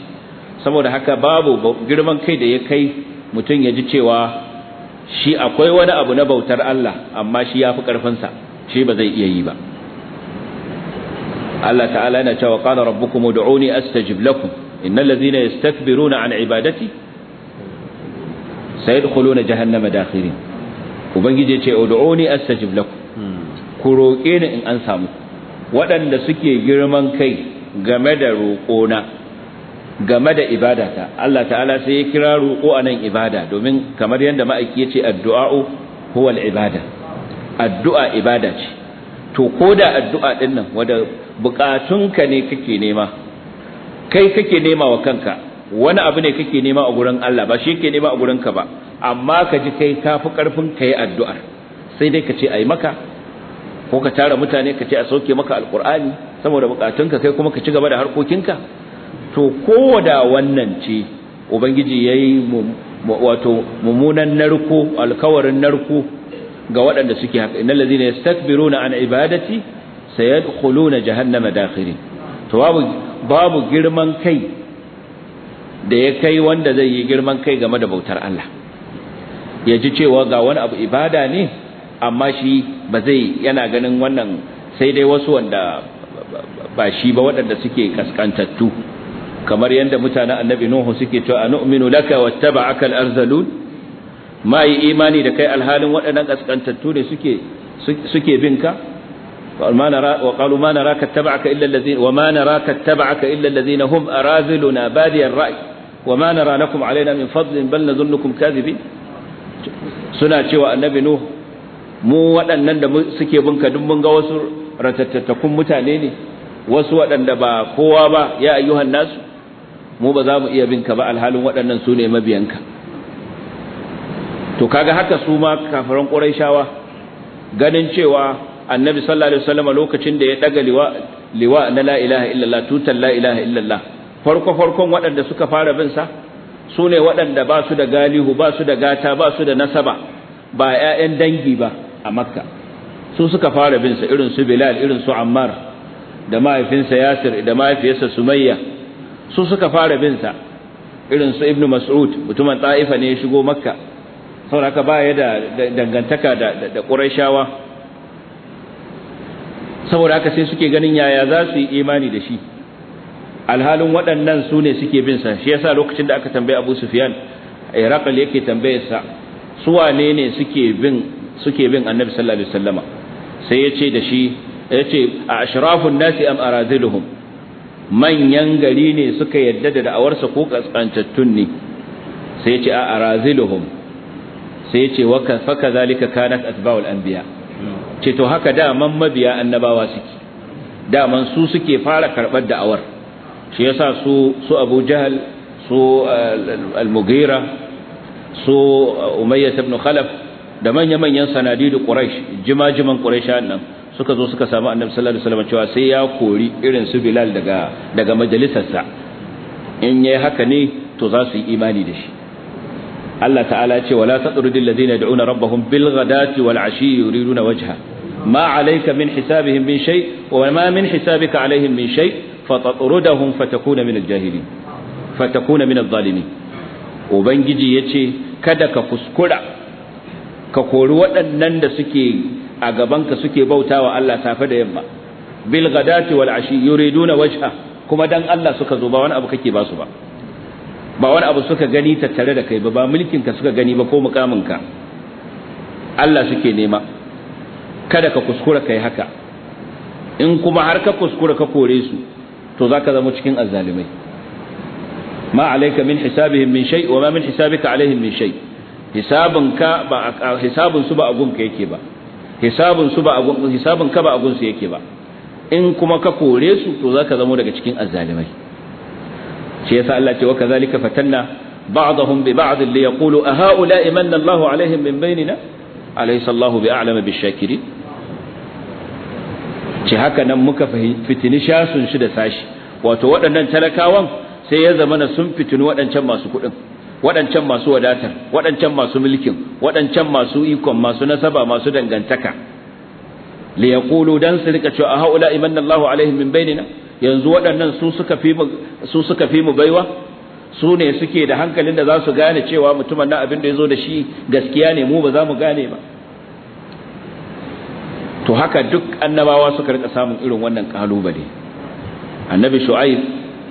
saboda haka babu girman kai da ya kai mutum ya ji cewa shi akwai wani abu na bautar Allah amma shi ya fi ƙarfinsa shi ba zai iya yi ba Allah ta'ala yana cewa qala rabbukum ud'uni astajib lakum innal ladhina yastakbiruna an ibadati sayadkhuluna jahannama dakhirin ya ce ud'uni astajib lakum ku roƙe ni in an samu waɗanda suke girman kai game da roƙona game da ibada ta. Allah ta'ala sai ya kira roƙo nan ibada domin kamar yadda ma'aiki yace addu'a huwa al-ibada addu'a ibada ce to ko da addu'a din nan wanda bukatunka ne kake nema kai kake nema wa kanka wani abu ne kake nema a gurin Allah ba shi yake nema a gurin ka ba amma ka ji kai kafi karfin yi addu'ar sai dai ka ce yi maka ko ka tara mutane ka ce a sauke maka alqur'ani saboda bukatunka kai kuma ka ci gaba da harkokinka to koda wannan ce ubangiji yayi wato mumunan narko alkawarin narko ga waɗanda suke haka innal ladina yastakbiruna an ibadati sayadkhuluna jahannama dakhirin to babu babu girman kai da ya kai wanda zai yi girman kai game da bautar Allah ya ji cewa ga wani abu ibada ne amma shi ba zai yana ganin wannan sai dai wasu wanda ba shi ba waɗanda suke kaskantattu kamar yadda mutanen annabi nuhu suke cewa anu'minu laka wattaba'aka al-arzalun ma yi imani da kai alhalin waɗannan kaskantattu ne suke suke binka وما نرى وقالوا ما نراك اتبعك إلا الذين وما نراك اتبعك إلا الذين هم أراذلنا بادي الرأي وما نرى لكم علينا من فضل بل نظنكم كاذبين suna cewa annabi nuhu? mu waɗannan da suke binka duk mun ga wasu ratattakun mutane ne wasu waɗanda ba kowa ba ya ayyuhan nasu mu ba za mu iya binka ba alhalin waɗannan su ne mabiyanka to kaga haka su ma kafaran ƙurayshawa ganin cewa annabi sallallahu alaihi wasallam lokacin da ya daga liwa liwa na la ilaha illallah tutan la ilaha illallah farko farkon waɗanda suka fara bin sa su ne waɗanda ba su da galihu ba su da gata ba su da nasaba ba ƴaƴan dangi ba a makka su suka fara bin sa irin su bilal irin su ammar da mahaifinsa yasir da mahaifiyarsa sumayya su suka fara bin sa irin su ibnu mas'ud mutumin ta'ifa ne ya shigo makka saboda baya da dangantaka da da qurayshawa saboda haka sai suke ganin yaya za su yi imani da shi alhalin waɗannan su ne suke bin sa shi yasa lokacin da aka tambaye Abu Sufyan Iraqal yake tambaye sa su wane ne suke bin suke bin Annabi sallallahu alaihi wasallama sai ce da shi yace ashrafun nasi am aradiluhum manyan gari ne suka yadda da da'awarsa ko kaskantattun ne sai ce a araziluhum sai ce waka faka zalika kanat atba'ul anbiya ce to haka da man mabiya annabawa suke da man su suke fara karbar da'awar shi yasa su su Abu Jahl su uh, Al-Mughira su uh, Umayyah ibn Khalaf da manya-manyan da Quraysh jima-jiman Quraysh nan suka zo suka samu annabi sallallahu alaihi wasallam cewa sai ya kori irin su bilal daga daga majalisarsa in yayi haka ne to za su yi imani da shi Allah ta'ala ya ce wala tatrudil ladina yad'una rabbahum bil ghadati wal ashi yuriduna wajha ma alayka min hisabihim min shay wa ma min hisabika alaihim min shay fatatrudahum fatakuna min al jahilin fatakuna min al zalimin ubangiji yace kada ka kuskura ka kori waɗannan da suke a gabanka suke bautawa Allah safe da yamma bil ghadati wal ashi yuriduna wajha kuma dan Allah suka zo ba wani abu kake ba su ba ba wani abu suka gani tattare da kai ba ba mulkin ka suka gani ba ko mukamin ka Allah suke nema kada ka kuskura kai haka in kuma har ka kuskura ka kore su to zaka zama cikin azzalimai ma alayka min hisabihim min shay wa ma min hisabika alaihim min shay hisabinka ba hisabun su ba agunka ba hisabun su ba hisabun ka ba agun su yake ba in kuma ka kore su to zaka zamo daga cikin azzalimai shi yasa Allah ce wa kazalika fatanna ba'dahum bi ba'd li yaqulu a ha'ula'i manna Allahu alaihim min bainina alaysa Allahu bi a'lama bi shakirin ce haka nan muka fitini shasun shi da sashi wato waɗannan talakawan sai ya zama na sun fitini waɗancan masu kuɗin waɗancan masu wadatar waɗancan masu mulkin waɗancan masu ikon masu nasaba masu dangantaka li yaqulu dan su rika cewa haula imanna Allahu alaihim min bainina yanzu waɗannan su suka fi su suka fi mu baiwa su ne suke da hankalin da za su gane cewa mutumin nan abin da ya zo da shi gaskiya ne mu ba za mu gane ba to haka duk annabawa suka rika samun irin wannan kalubale annabi shu'aib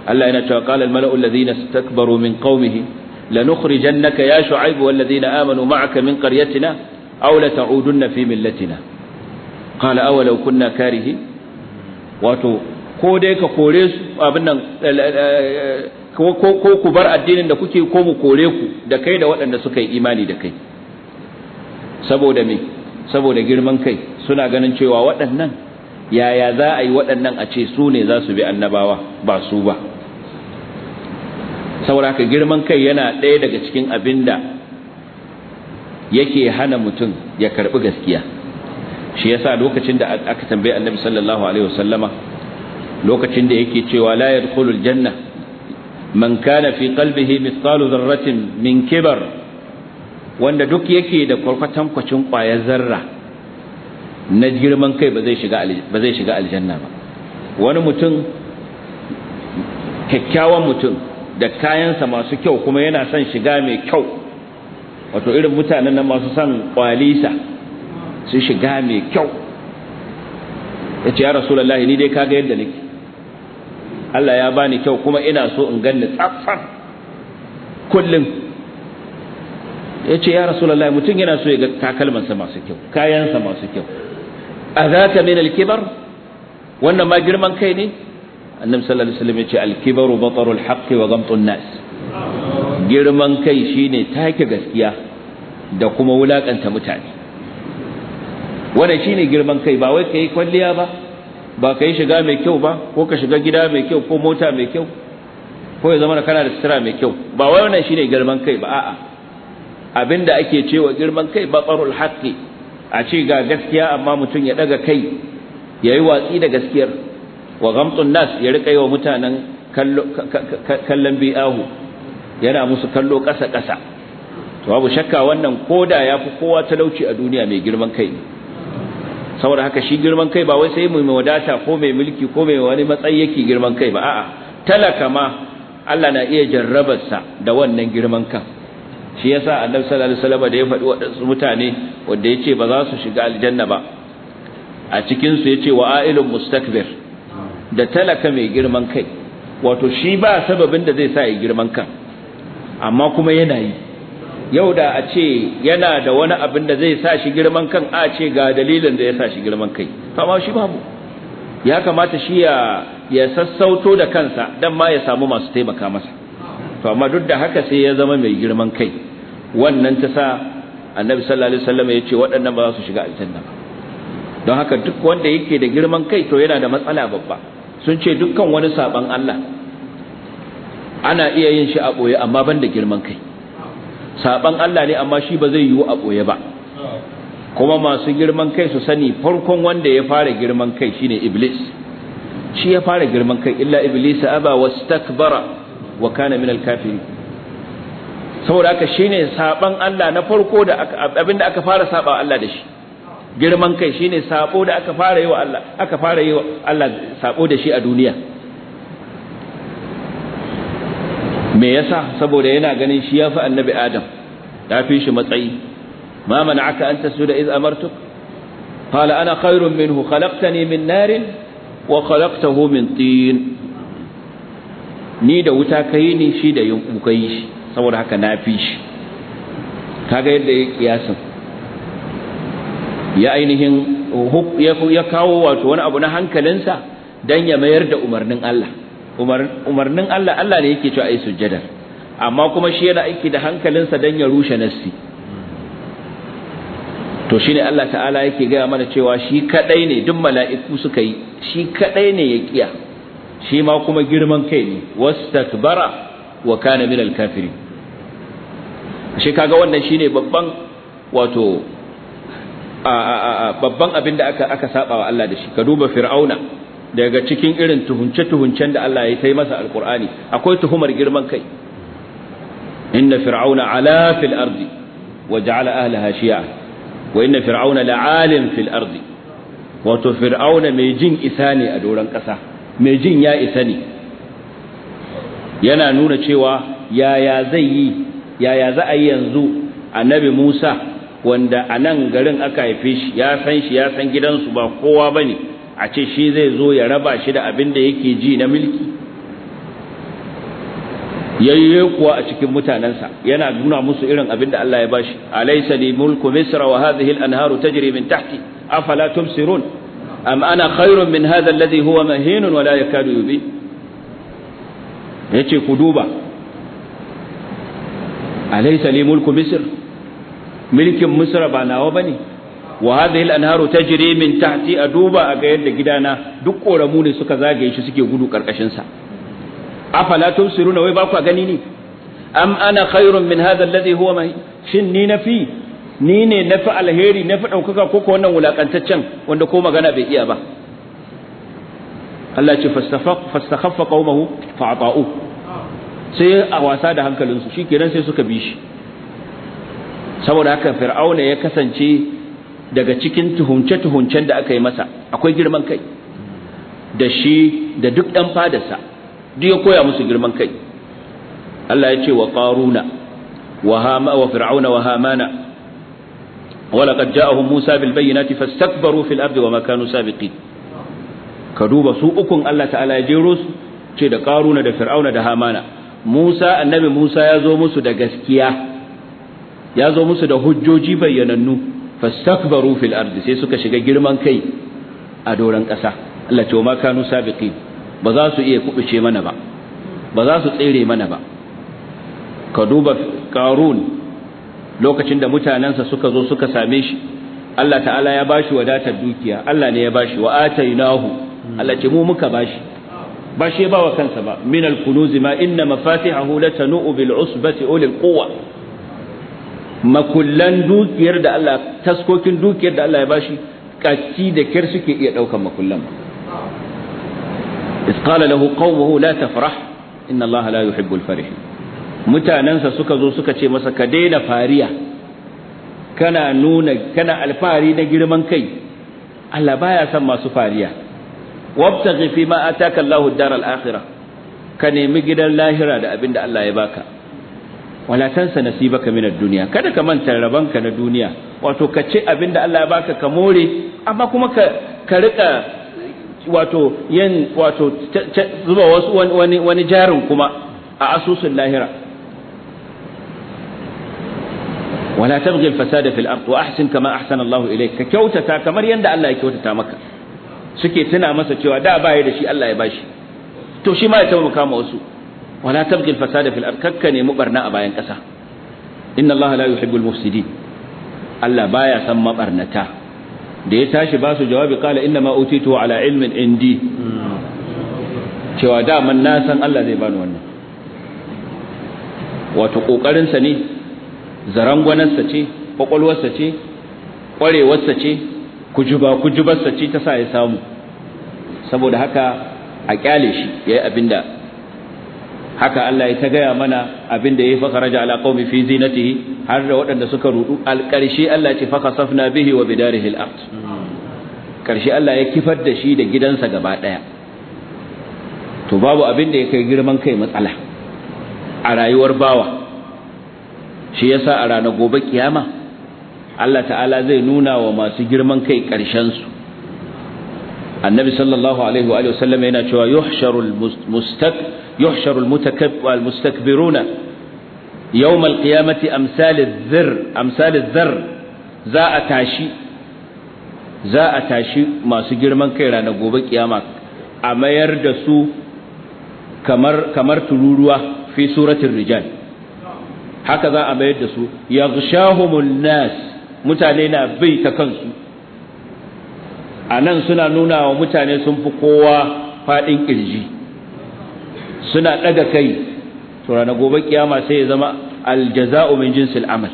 Allah yana cewa qala al mala'u alladhina istakbaru min qaumihi lanukhrijannaka ya shu'aib wal ladina amanu ma'aka min qaryatina aw la ta'udunna fi millatina qala kunna karihi wato ko dai ka kore su abin nan ko ku bar addinin da kuke ko mu kore ku da kai da waɗanda suka yi imani da kai saboda girman kai suna ganin cewa waɗannan yaya za a yi waɗannan a ce su ne za su bi annabawa ba su ba saboda ka girman kai yana ɗaya daga cikin abin da yake hana mutum ya karɓi gaskiya shi yasa lokacin da aka tambaye annabi sallallahu alaihi wasallama lokacin da yake cewa la yadkhulul janna man kana fi qalbihi mithqalu dharratin min kibar wanda duk yake da kwarkwatan kwacin kwayar zarra na girman kai ba zai shiga ba zai shiga aljanna ba wani mutum kyakkyawan mutum da kayansa masu kyau kuma yana son shiga mai kyau wato irin mutanen nan masu son kwalisa su shiga mai kyau ya ce ya rasulallahi ni dai kaga yadda nake Allah ya bani kyau kuma ina so in ganni tsaffan kullum ya ce ya rasulallahi mutum yana so ya ga takalmansa masu kyau kayansa masu kyau a za ta min alkibar wannan ma girman kai ne annabi sallallahu alaihi wasallam yace al-kibaru batarul haqqi wa ghamtun nas girman kai shine take gaskiya da kuma wulakanta mutane wannan shine girman kai ba wai kai kwalliya ba ba kai shiga mai kyau ba ko ka shiga gida mai kyau ko mota mai kyau ko ya zama kana da sutura mai kyau ba wai wannan shine girman kai ba a'a abinda ake cewa girman kai batarul haqqi a ce ga gaskiya amma mutum ya daga kai yayi watsi da gaskiyar wa gamtun nas ya rika yi wa mutanen kallon bi'ahu yana musu kallo ƙasa ƙasa to babu shakka wannan koda yafi kowa talauci a duniya mai girman kai ne saboda haka shi girman kai ba wai sai mai wadata ko mai mulki ko mai wani matsayi yake girman kai ba a'a talaka ma Allah na iya jarrabarsa da wannan girman kan shi yasa Annabi sallallahu alaihi wasallam da ya faɗi waɗansu mutane wanda yace ba za su shiga aljanna ba a cikin su yace wa ailun mustakbir da talaka mai girman kai wato shi ba sababin da zai sa ya girman kan amma kuma yana yi yau da a ce yana da wani abin da zai sa shi girman kan a ce ga dalilin da ya sa shi girman kai amma shi babu ya kamata shi ya sassauto da kansa dan ma ya samu masu taimaka masa to amma duk da haka sai ya zama mai girman kai wannan ta sa annabi sallallahu alaihi wasallam ya ce waɗannan ba za su shiga aljanna ba don haka duk wanda yake da girman kai to yana da matsala babba sun ce dukkan wani saban Allah ana iya yin shi a ɓoye amma ban da girman kai saban Allah ne amma shi ba zai yiwu a boye ba kuma masu girman kai su sani farkon wanda ya fara girman kai shine iblis shi ya fara girman kai illa iblis aba wastakbara wa kana saboda haka shine saban Allah na farko da abinda aka fara saba Allah da shi girman kai shine sabo da aka fara yi wa Allah aka fara yi wa Allah sabo da shi a duniya me yasa saboda yana ganin shi yafi annabi adam ya fi shi matsayi ma mana'aka an da iz amartuk qala ana khairun minhu khalaqtani min narin wa khalaqtahu min tin ni da wuta kai ni shi da yunku kai shi saboda haka na fi shi kaga yadda ya kiyasin ya ainihin ya kawo wato wani abu na hankalinsa dan ya mayar da umarnin Allah umarnin Allah Allah ne yake cewa ai sujjada amma kuma shi yana aiki da hankalinsa dan ya rushe nassi to shine Allah ta'ala yake gaya mana cewa shi kadai ne duk mala'iku suka yi shi kadai ne ya kiya shi ma kuma girman kai ne wastakbara wa kana min shi kaga wannan shine babban wato babban abin da aka aka saba wa Allah da shi ka duba fir'auna daga cikin irin tuhunce tuhuncen da Allah ya sai masa alqur'ani akwai tuhumar girman kai inna fir'auna ala fil ardi wa ja'ala shi'a wa inna fir'auna la'alim fil ardi wato fir'auna mai jin isa ne a doran kasa mai jin ya isa ne yana nuna cewa yaya zai yi yaya za a yi yanzu annabi Musa wanda a nan garin aka haife shi ya san shi ya san gidansu ba kowa ba ne a ce shi zai zo ya raba shi da abin da yake ji na milki yayye kuwa a cikin mutanensa yana nuna musu irin abin da Allah ya bashi alaysa li mulku misra wa hadhihi al-anharu tajri min tahti afala tubsirun am ana khairun min hadha alladhi huwa mahinun wa la yakadu yubi yace ku duba alaysa li mulku misr Milkin misra ba nawa bane wa hadhihi al-anharu tajri min tahti aduba a ga yadda gidana duk koramu ne suka zagaye shi suke gudu karkashin sa afala tumsiruna wai ba ku gani ne am ana khairun min hadha alladhi huwa shin ni nafi ni ne fi alheri fi daukaka ko ko wannan wulakantaccen wanda ko magana bai iya ba Allah ce fastakhaffa qaumahu fa'ata'u sai a wasa da hankalinsu shikenan sai suka bi shi saboda haka fir'auna ya kasance daga cikin tuhunce-tuhuncen da aka yi masa akwai girman kai da shi da duk ɗan fadarsa duk ya koya musu girman kai Allah ya ce wa ƙaruna wa fir'auna wa hamana ولقد جاءهم موسى بالبينات فاستكبروا في الأرض وما كانوا سابقين كدوب سوءكم الله تعالى يجيروس ce da ƙaruna da fir'auna da hamana musa annabi musa ya zo musu da gaskiya ya zo musu da hujjoji bayyanannu fastakbaru fil ardi sai suka shiga girman kai a doran ƙasa Allah ce ma kanu sabiqin ba za su iya kubuce mana ba ba za su tsere mana ba ka duba qarun lokacin da mutanansa suka zo suka same shi Allah ta'ala ya bashi wadatar dukiya Allah ne ya bashi wa atainahu Allah ce mu muka bashi ba shi ba wa kansa ba min al-kunuz ma inna mafatihahu latanu bil usbati ulil quwwa makullan dukiyar da Allah taskokin dukiyar da Allah ya bashi kacci da kyar suke iya daukan makullan is qala lahu qawmuhu inna Allah la yuhibbul farih mutanansa suka zo suka ce masa ka daina fariya kana nuna kana alfahari na girman kai Allah baya son masu fariya wabtaghi fi ma ataka Allahu ad-dar al ka nemi gidan lahira da abinda Allah ya baka wala tansa nasibaka min ad-dunya kada ka manta rabanka na duniya wato ka ce abinda Allah ya baka ka more amma kuma ka ka rika wato yin wato zuba wasu wani wani jarin kuma a asusun lahira wala tabghi al-fasada fil ard wa ahsin kama ahsana Allah ilayk ka kyautata kamar yanda Allah ya kyautata maka suke tuna masa cewa da baya da shi Allah ya bashi to shi ma ya taimaka ma wasu wala tabghi al da fil ard ne mu barna a bayan kasa inna allaha la yuhibbul mufsidin Allah baya san mabarnata da ya tashi ba su jawabi kala inna ma utitu ala ilmin indi cewa daman na san Allah zai bani wannan wato kokarinsa ne zarangwanarsa ce kwakwalwarsa ce kwarewarsa ce kujuba kujubarsa ce ta sa ya samu saboda haka a kyale shi yayi abinda haka Allah ya ta gaya mana abin da ya fa kharaja ala qaumi fi zinatihi har da waɗanda suka rudu alƙarshe Allah ce fa safna bihi wa bidarihi al ƙarshe Allah ya kifar da shi da gidansa gaba daya to babu abin da ya kai girman kai matsala a rayuwar bawa shi yasa a ranar gobe kiyama Allah ta'ala zai nuna wa masu girman kai ƙarshen su النبي صلى الله عليه وآله وسلم هنا شو يحشر المستك يحشر المتكب والمستكبرون يوم القيامة أمثال الذر أمثال الذر زاء تاشي زاء تاشي ما سجر من كيرا نقوب قيامك أما يرجسو كمر كمر تلولوا في سورة الرجال هكذا أما يرجسو يغشاهم الناس متعلينا بيتكنسو a nan suna nuna wa mutane sun fi kowa faɗin ƙirji suna ɗaga kai to ranar gobe kiyama sai ya zama aljaza'u min jinsil amal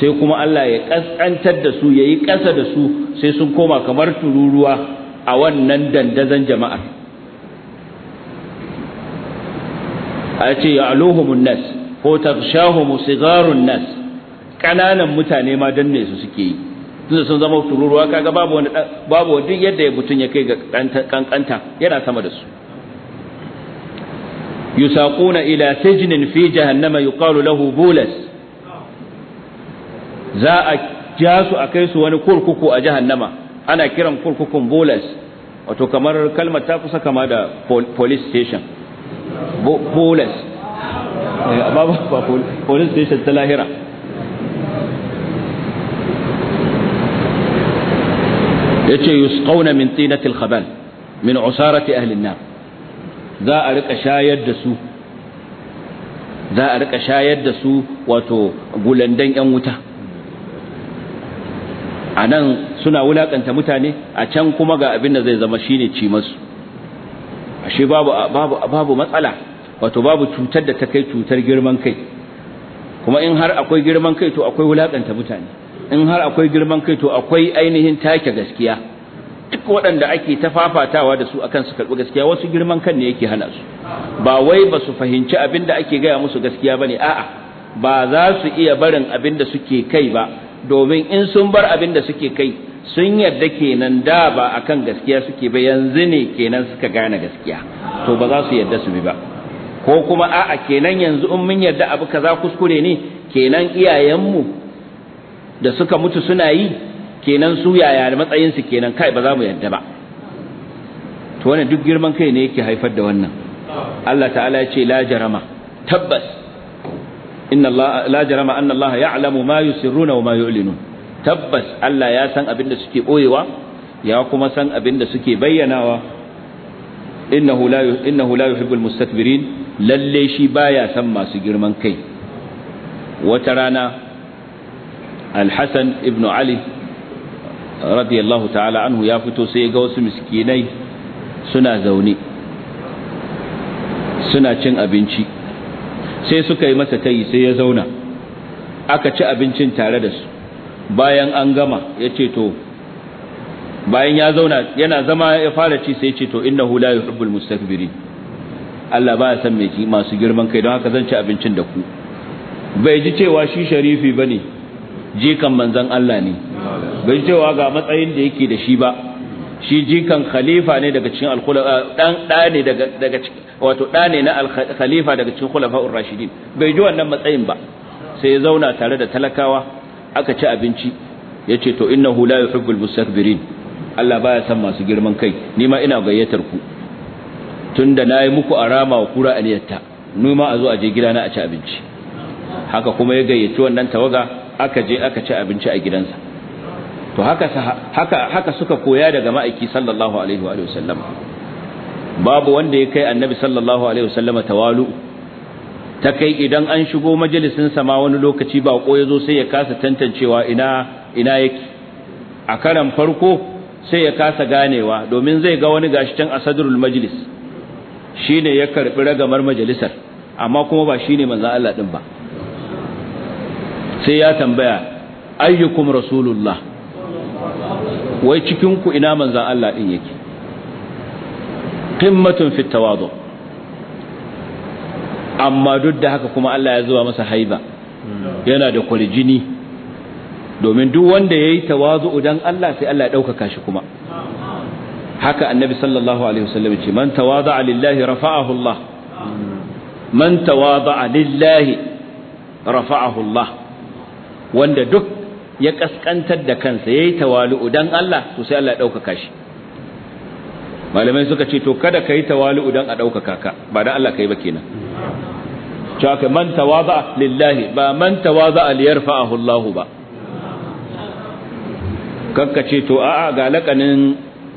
sai kuma Allah ya ƙasƙantar da su ya yi ƙasa da su sai sun koma kamar tururuwa a wannan dandazan jama'a. a ce ya aluhumun nas ko tafshahumu sigarun nas ƙananan mutane ma danne su suke yi tunda sun zama tururuwa kaga babu wani babu duk yadda mutum ya kai ga kankanta yana sama da su yusaquna ila sijnin fi jahannama yuqalu lahu bulas za a ja su a kai su wani kurkuku a jahannama ana kiran kurkukun bulas wato kamar kalmar ta kusa kama da police station bulas eh, amma ba police station ta lahira yace yusqawna min tinatil khabal min usarati ahli an-nar za a rika shayar da su za a rika shayar da su wato gulandan yan wuta a nan suna wulakanta mutane a can kuma ga abin da zai zama shine ci masu ashe babu babu babu matsala wato babu cutar da ta kai cutar girman kai kuma in har akwai girman kai to akwai wulakanta mutane in har akwai girman kai to akwai ainihin take gaskiya duk waɗanda ake tafafatawa da su akan su karɓi gaskiya wasu girman kan ne yake hana su ba wai ba su fahimci abin da ake gaya musu gaskiya ba ne a'a ba za su iya barin abin da suke kai ba domin in sun bar abin da suke kai sun yarda kenan da ba akan gaskiya suke ba yanzu ne kenan suka gane gaskiya to ba za su yarda su bi ba ko kuma a'a kenan yanzu in mun yarda abu kaza kuskure ne kenan iyayenmu da suka mutu suna yi kenan su yaya da matsayinsu kenan kai ba za mu yadda ba to wannan duk girman kai ne yake haifar da wannan Allah ta'ala ya ce la jarama tabbas inna Allah la jarama anna Allah ya'lamu ma yusirruna wa ma yu'linun tabbas Allah ya san abin da suke boyewa ya kuma san abin da suke bayyanawa innahu la innahu la yuhibbul mustakbirin lalle shi baya san masu girman kai wata rana alhassan ibn ali radiyallahu ta'ala anhu ya fito sai ga wasu miskinai suna zaune suna cin abinci sai suka yi masa tayi sai ya zauna aka ci abincin tare da su bayan an gama ya ce to bayan ya zauna yana zama ya fara ci sai ya ce to innahu la yuhibbul mustakbirin Allah ba ya san mai masu girman kai don haka zan ci abincin da ku bai ji cewa shi sharifi bane jikan manzon Allah ne bai cewa ga matsayin da yake da shi ba shi jikan khalifa ne daga cikin alkhulafa eh, dan ne daga daga wato ne na khalifa daga cikin khulafa'ur rashidin bai ji wannan matsayin ba sai ya zauna tare da talakawa aka ci abinci yace to innahu la yuhibbul mustakbirin Allah baya san masu girman kai ni ma ina gayyatar ku tunda nayi muku arama wa kura aliyatta ni a zo a je gidana a ci abinci haka kuma ya gayyaci wannan tawaga aka je aka ci abinci a gidansa to haka haka haka suka koya daga ma'aiki sallallahu alaihi wa sallam? babu wanda ya kai annabi sallallahu alaihi wa sallama tawalu ta kai idan an shigo majalisin sama wani lokaci ba ko yazo sai ya kasa tantancewa ina ina yake a karan farko sai ya kasa ganewa domin zai ga wani gashi can asadrul majlis shine ya karbi ragamar majalisar amma kuma ba shine manzon Allah din ba sai ya tambaya ayyukum rasulullah wai cikinku ina manzan Allah din yake qimmatun fit tawadu amma duk da haka kuma Allah ya zuba masa haiba yana da kurjini domin duk wanda yayi tawazu dan Allah sai Allah ya dauka shi kuma haka annabi sallallahu alaihi wasallam ce man tawada'a lillahi rafa'ahu Allah hmm. man tawada'a lillahi rafa'ahu Allah wanda duk ya kaskantar da kansa ya yi tawalu'u dan Allah to sai Allah ya ɗaukaka shi malamai suka ce to kada ka yi tawalu'u dan a ɗaukaka ka ba dan Allah ka yi ba kenan cewa ka man tawaza lillahi ba man tawaza liyarfa'ahu Allah ba kakka ce to a'a ga lakanin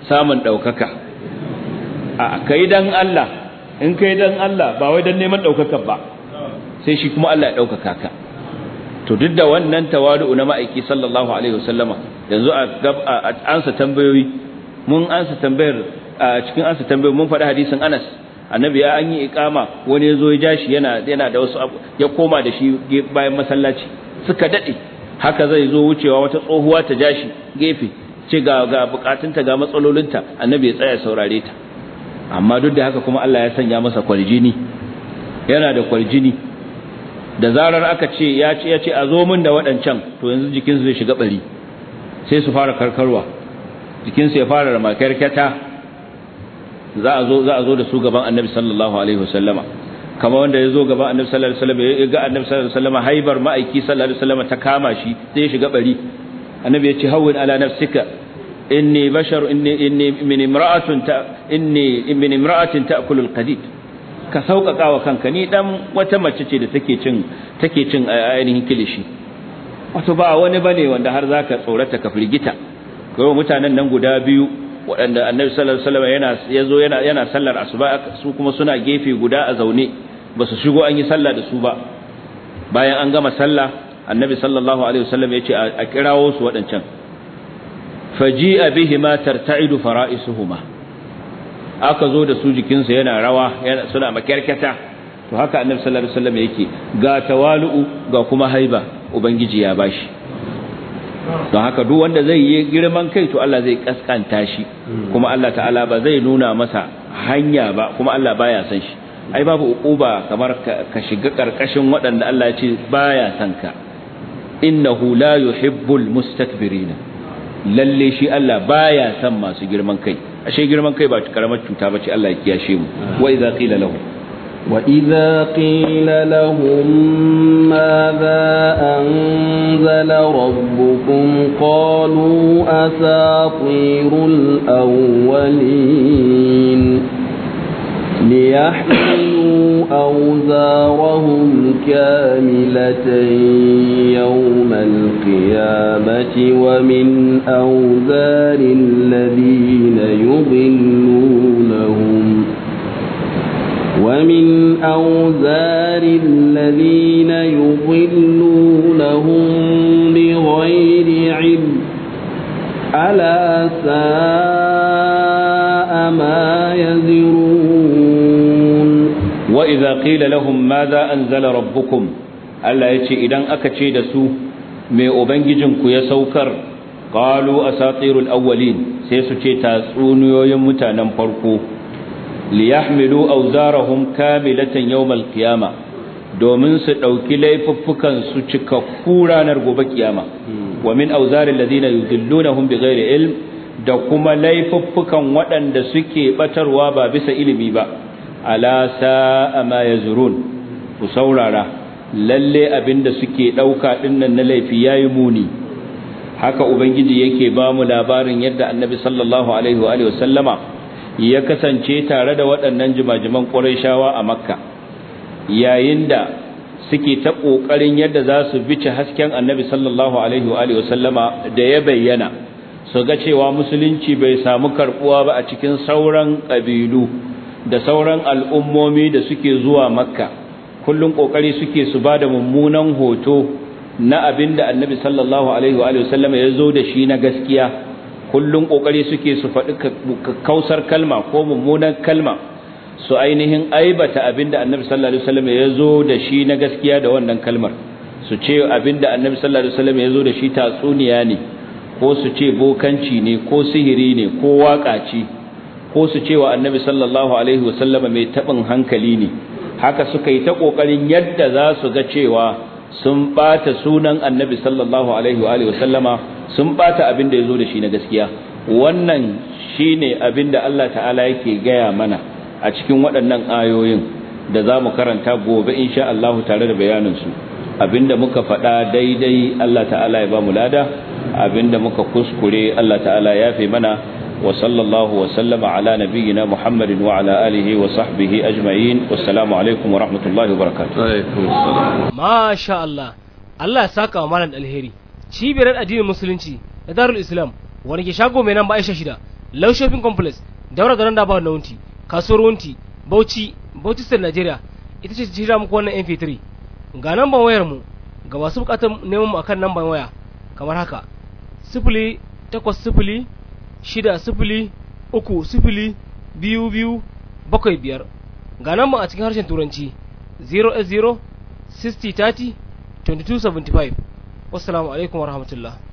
samun ɗaukaka a yi dan Allah in ka yi dan Allah ba wai don neman ɗaukaka ba sai shi kuma Allah ya ɗaukaka ka to duk da wannan tawadu'u na ma'aiki sallallahu alaihi wasallama yanzu a ansa tambayoyi mun ansa tambayar a cikin ansa tambayoyi mun faɗi hadisin Anas annabi ya an yi iqama wani yazo ya jashi yana yana da wasu ya koma da shi bayan masallaci suka dade haka zai zo wucewa wata tsohuwa ta jashi gefe ce ga ga bukatunta ga matsalolinta annabi ya tsaya saurare ta amma duk da haka kuma Allah ya sanya masa kwaljini yana da kwaljini da zarar aka ce ya ce ya ce a zo min da waɗancan to yanzu jikinsu zai shiga ɓari, sai su fara karkarwa jikinsu ya fara ramakarkata za a zo za a zo da su gaban annabi sallallahu alaihi wasallama kamar wanda ya zo gaban annabi sallallahu alaihi wasallama ya ga annabi sallallahu alaihi wasallama haibar ma'aiki sallallahu alaihi wasallama ta kama shi sai ya shiga ɓari. annabi ya ce hawwin ala nafsika inni bashar inni inni min imra'atin ta inni min imra'atin ta'kulu qadid ka sauƙaƙa wa kanka ni ɗan wata mace ce da take cin take cin eh, ainihin kilishi wato ba wani bane wanda har zaka tsorata ka firgita kawai mutanen nan guda biyu waɗanda annabi sallallahu alaihi wasallam yana yazo yana yana sallar asuba su kuma suna gefe guda a zaune ba su shigo an yi sallah da su ba bayan an gama sallah annabi sallallahu alaihi wasallam yace a kirawo su waɗancan faji'a bihima tarta'idu fara'isuhuma aka zo da su jikinsa yana rawa yana suna makyarkata to haka annabi sallallahu alaihi wasallam yake ga tawalu'u ga kuma haiba ubangiji ya bashi don haka duk wanda zai yi girman kai to Allah zai kaskanta shi kuma Allah ta'ala ba zai nuna masa hanya ba kuma Allah baya san shi ai babu uquba kamar ka shiga karkashin waɗanda Allah ya ce baya san ka innahu la yuhibbul mustakbirina lalle shi Allah baya san masu girman kai ashe girman kai ba karamar cuta ba ce Allah ya kiyashe mu wa idza qila lahu wa idza qila lahum ma za anzala rabbukum qalu asatirul awwalin liyahmilu أوزارهم كاملة يوم القيامة ومن أوزار الذين يضلونهم ومن أوزار الذين يضلونهم بغير علم ألا ساء ما يزرون idza qila lahum madha anzala rabbukum Allah yace idan aka ce da su me ku ya saukar a asatirul awwalin sai su ce tatsuniyoyin mutanen farko liyahmilu awzarahum kamilatan yawmal qiyama domin su ɗauki laifuffukan su cikakku ranar gobe kiyama hmm. wa min awzaril ladina yudillunahum bighairi ilm da kuma laifuffukan waɗanda suke batarwa ba bisa ilimi ba ala a ma yazurun ku saurara lalle abinda suke ɗauka ɗinnan na laifi yayi muni haka ubangiji yake ba mu labarin yadda annabi sallallahu alaihi wa sallama ya kasance tare da waɗannan jimajiman ƙwarai shawa a makka yayin da suke ta ƙoƙarin yadda za su bice hasken annabi sallallahu alaihi wa sallama da ya bayyana su ga cewa musulunci bai samu karɓuwa ba a cikin sauran ƙabilu da sauran al'ummomi da suke zuwa makka kullum ƙoƙari suke su ba da mummunan hoto na abinda annabi sallallahu alaihi wa alihi wasallam ya zo da shi na gaskiya kullum ƙoƙari suke su faɗi kausar kalma ko mummunan kalma su ainihin aibata abinda annabi sallallahu alaihi wasallam ya zo da shi na gaskiya da wannan kalmar su ce abinda annabi sallallahu alaihi wasallam ya zo da shi tatsuniya ne ko su ce bokanci ne ko sihiri ne ko waka ce ko su cewa annabi sallallahu alaihi wasallama mai tabin hankali ne haka suka yi ta kokarin yadda za su ga cewa sun bata sunan annabi sallallahu alaihi wa sallama sun bata abin da yazo da shi na gaskiya wannan shine abin da Allah ta'ala yake gaya mana a cikin waɗannan ayoyin da za mu karanta gobe insha Allah tare da bayanin su abinda muka faɗa daidai Allah ta'ala ya ba mu lada abinda muka kuskure Allah ta'ala ya fi mana وصلى الله وسلم على نبينا محمد وعلى wa وصحبه أجمعين والسلام عليكم ورحمة الله وبركاته عليكم السلام ما شاء الله الله ساكا ومالا الهيري cibiyar addinin musulunci da darul islam wani ke shago mai nan ba aisha shida low shopping complex daura garin da ba wunti kasuwar wunti bauchi bauchi state Najeriya ita ce jira muku wannan mp3 ga namban wayar mu ga masu bukatar neman mu akan namban waya kamar haka sifili takwas sifili shida sifili uku sifili biyu biyu bakwai biyar ga nan a cikin harshen turanci 0 60 30 22 75 wassalamu alaikum wa rahmatullah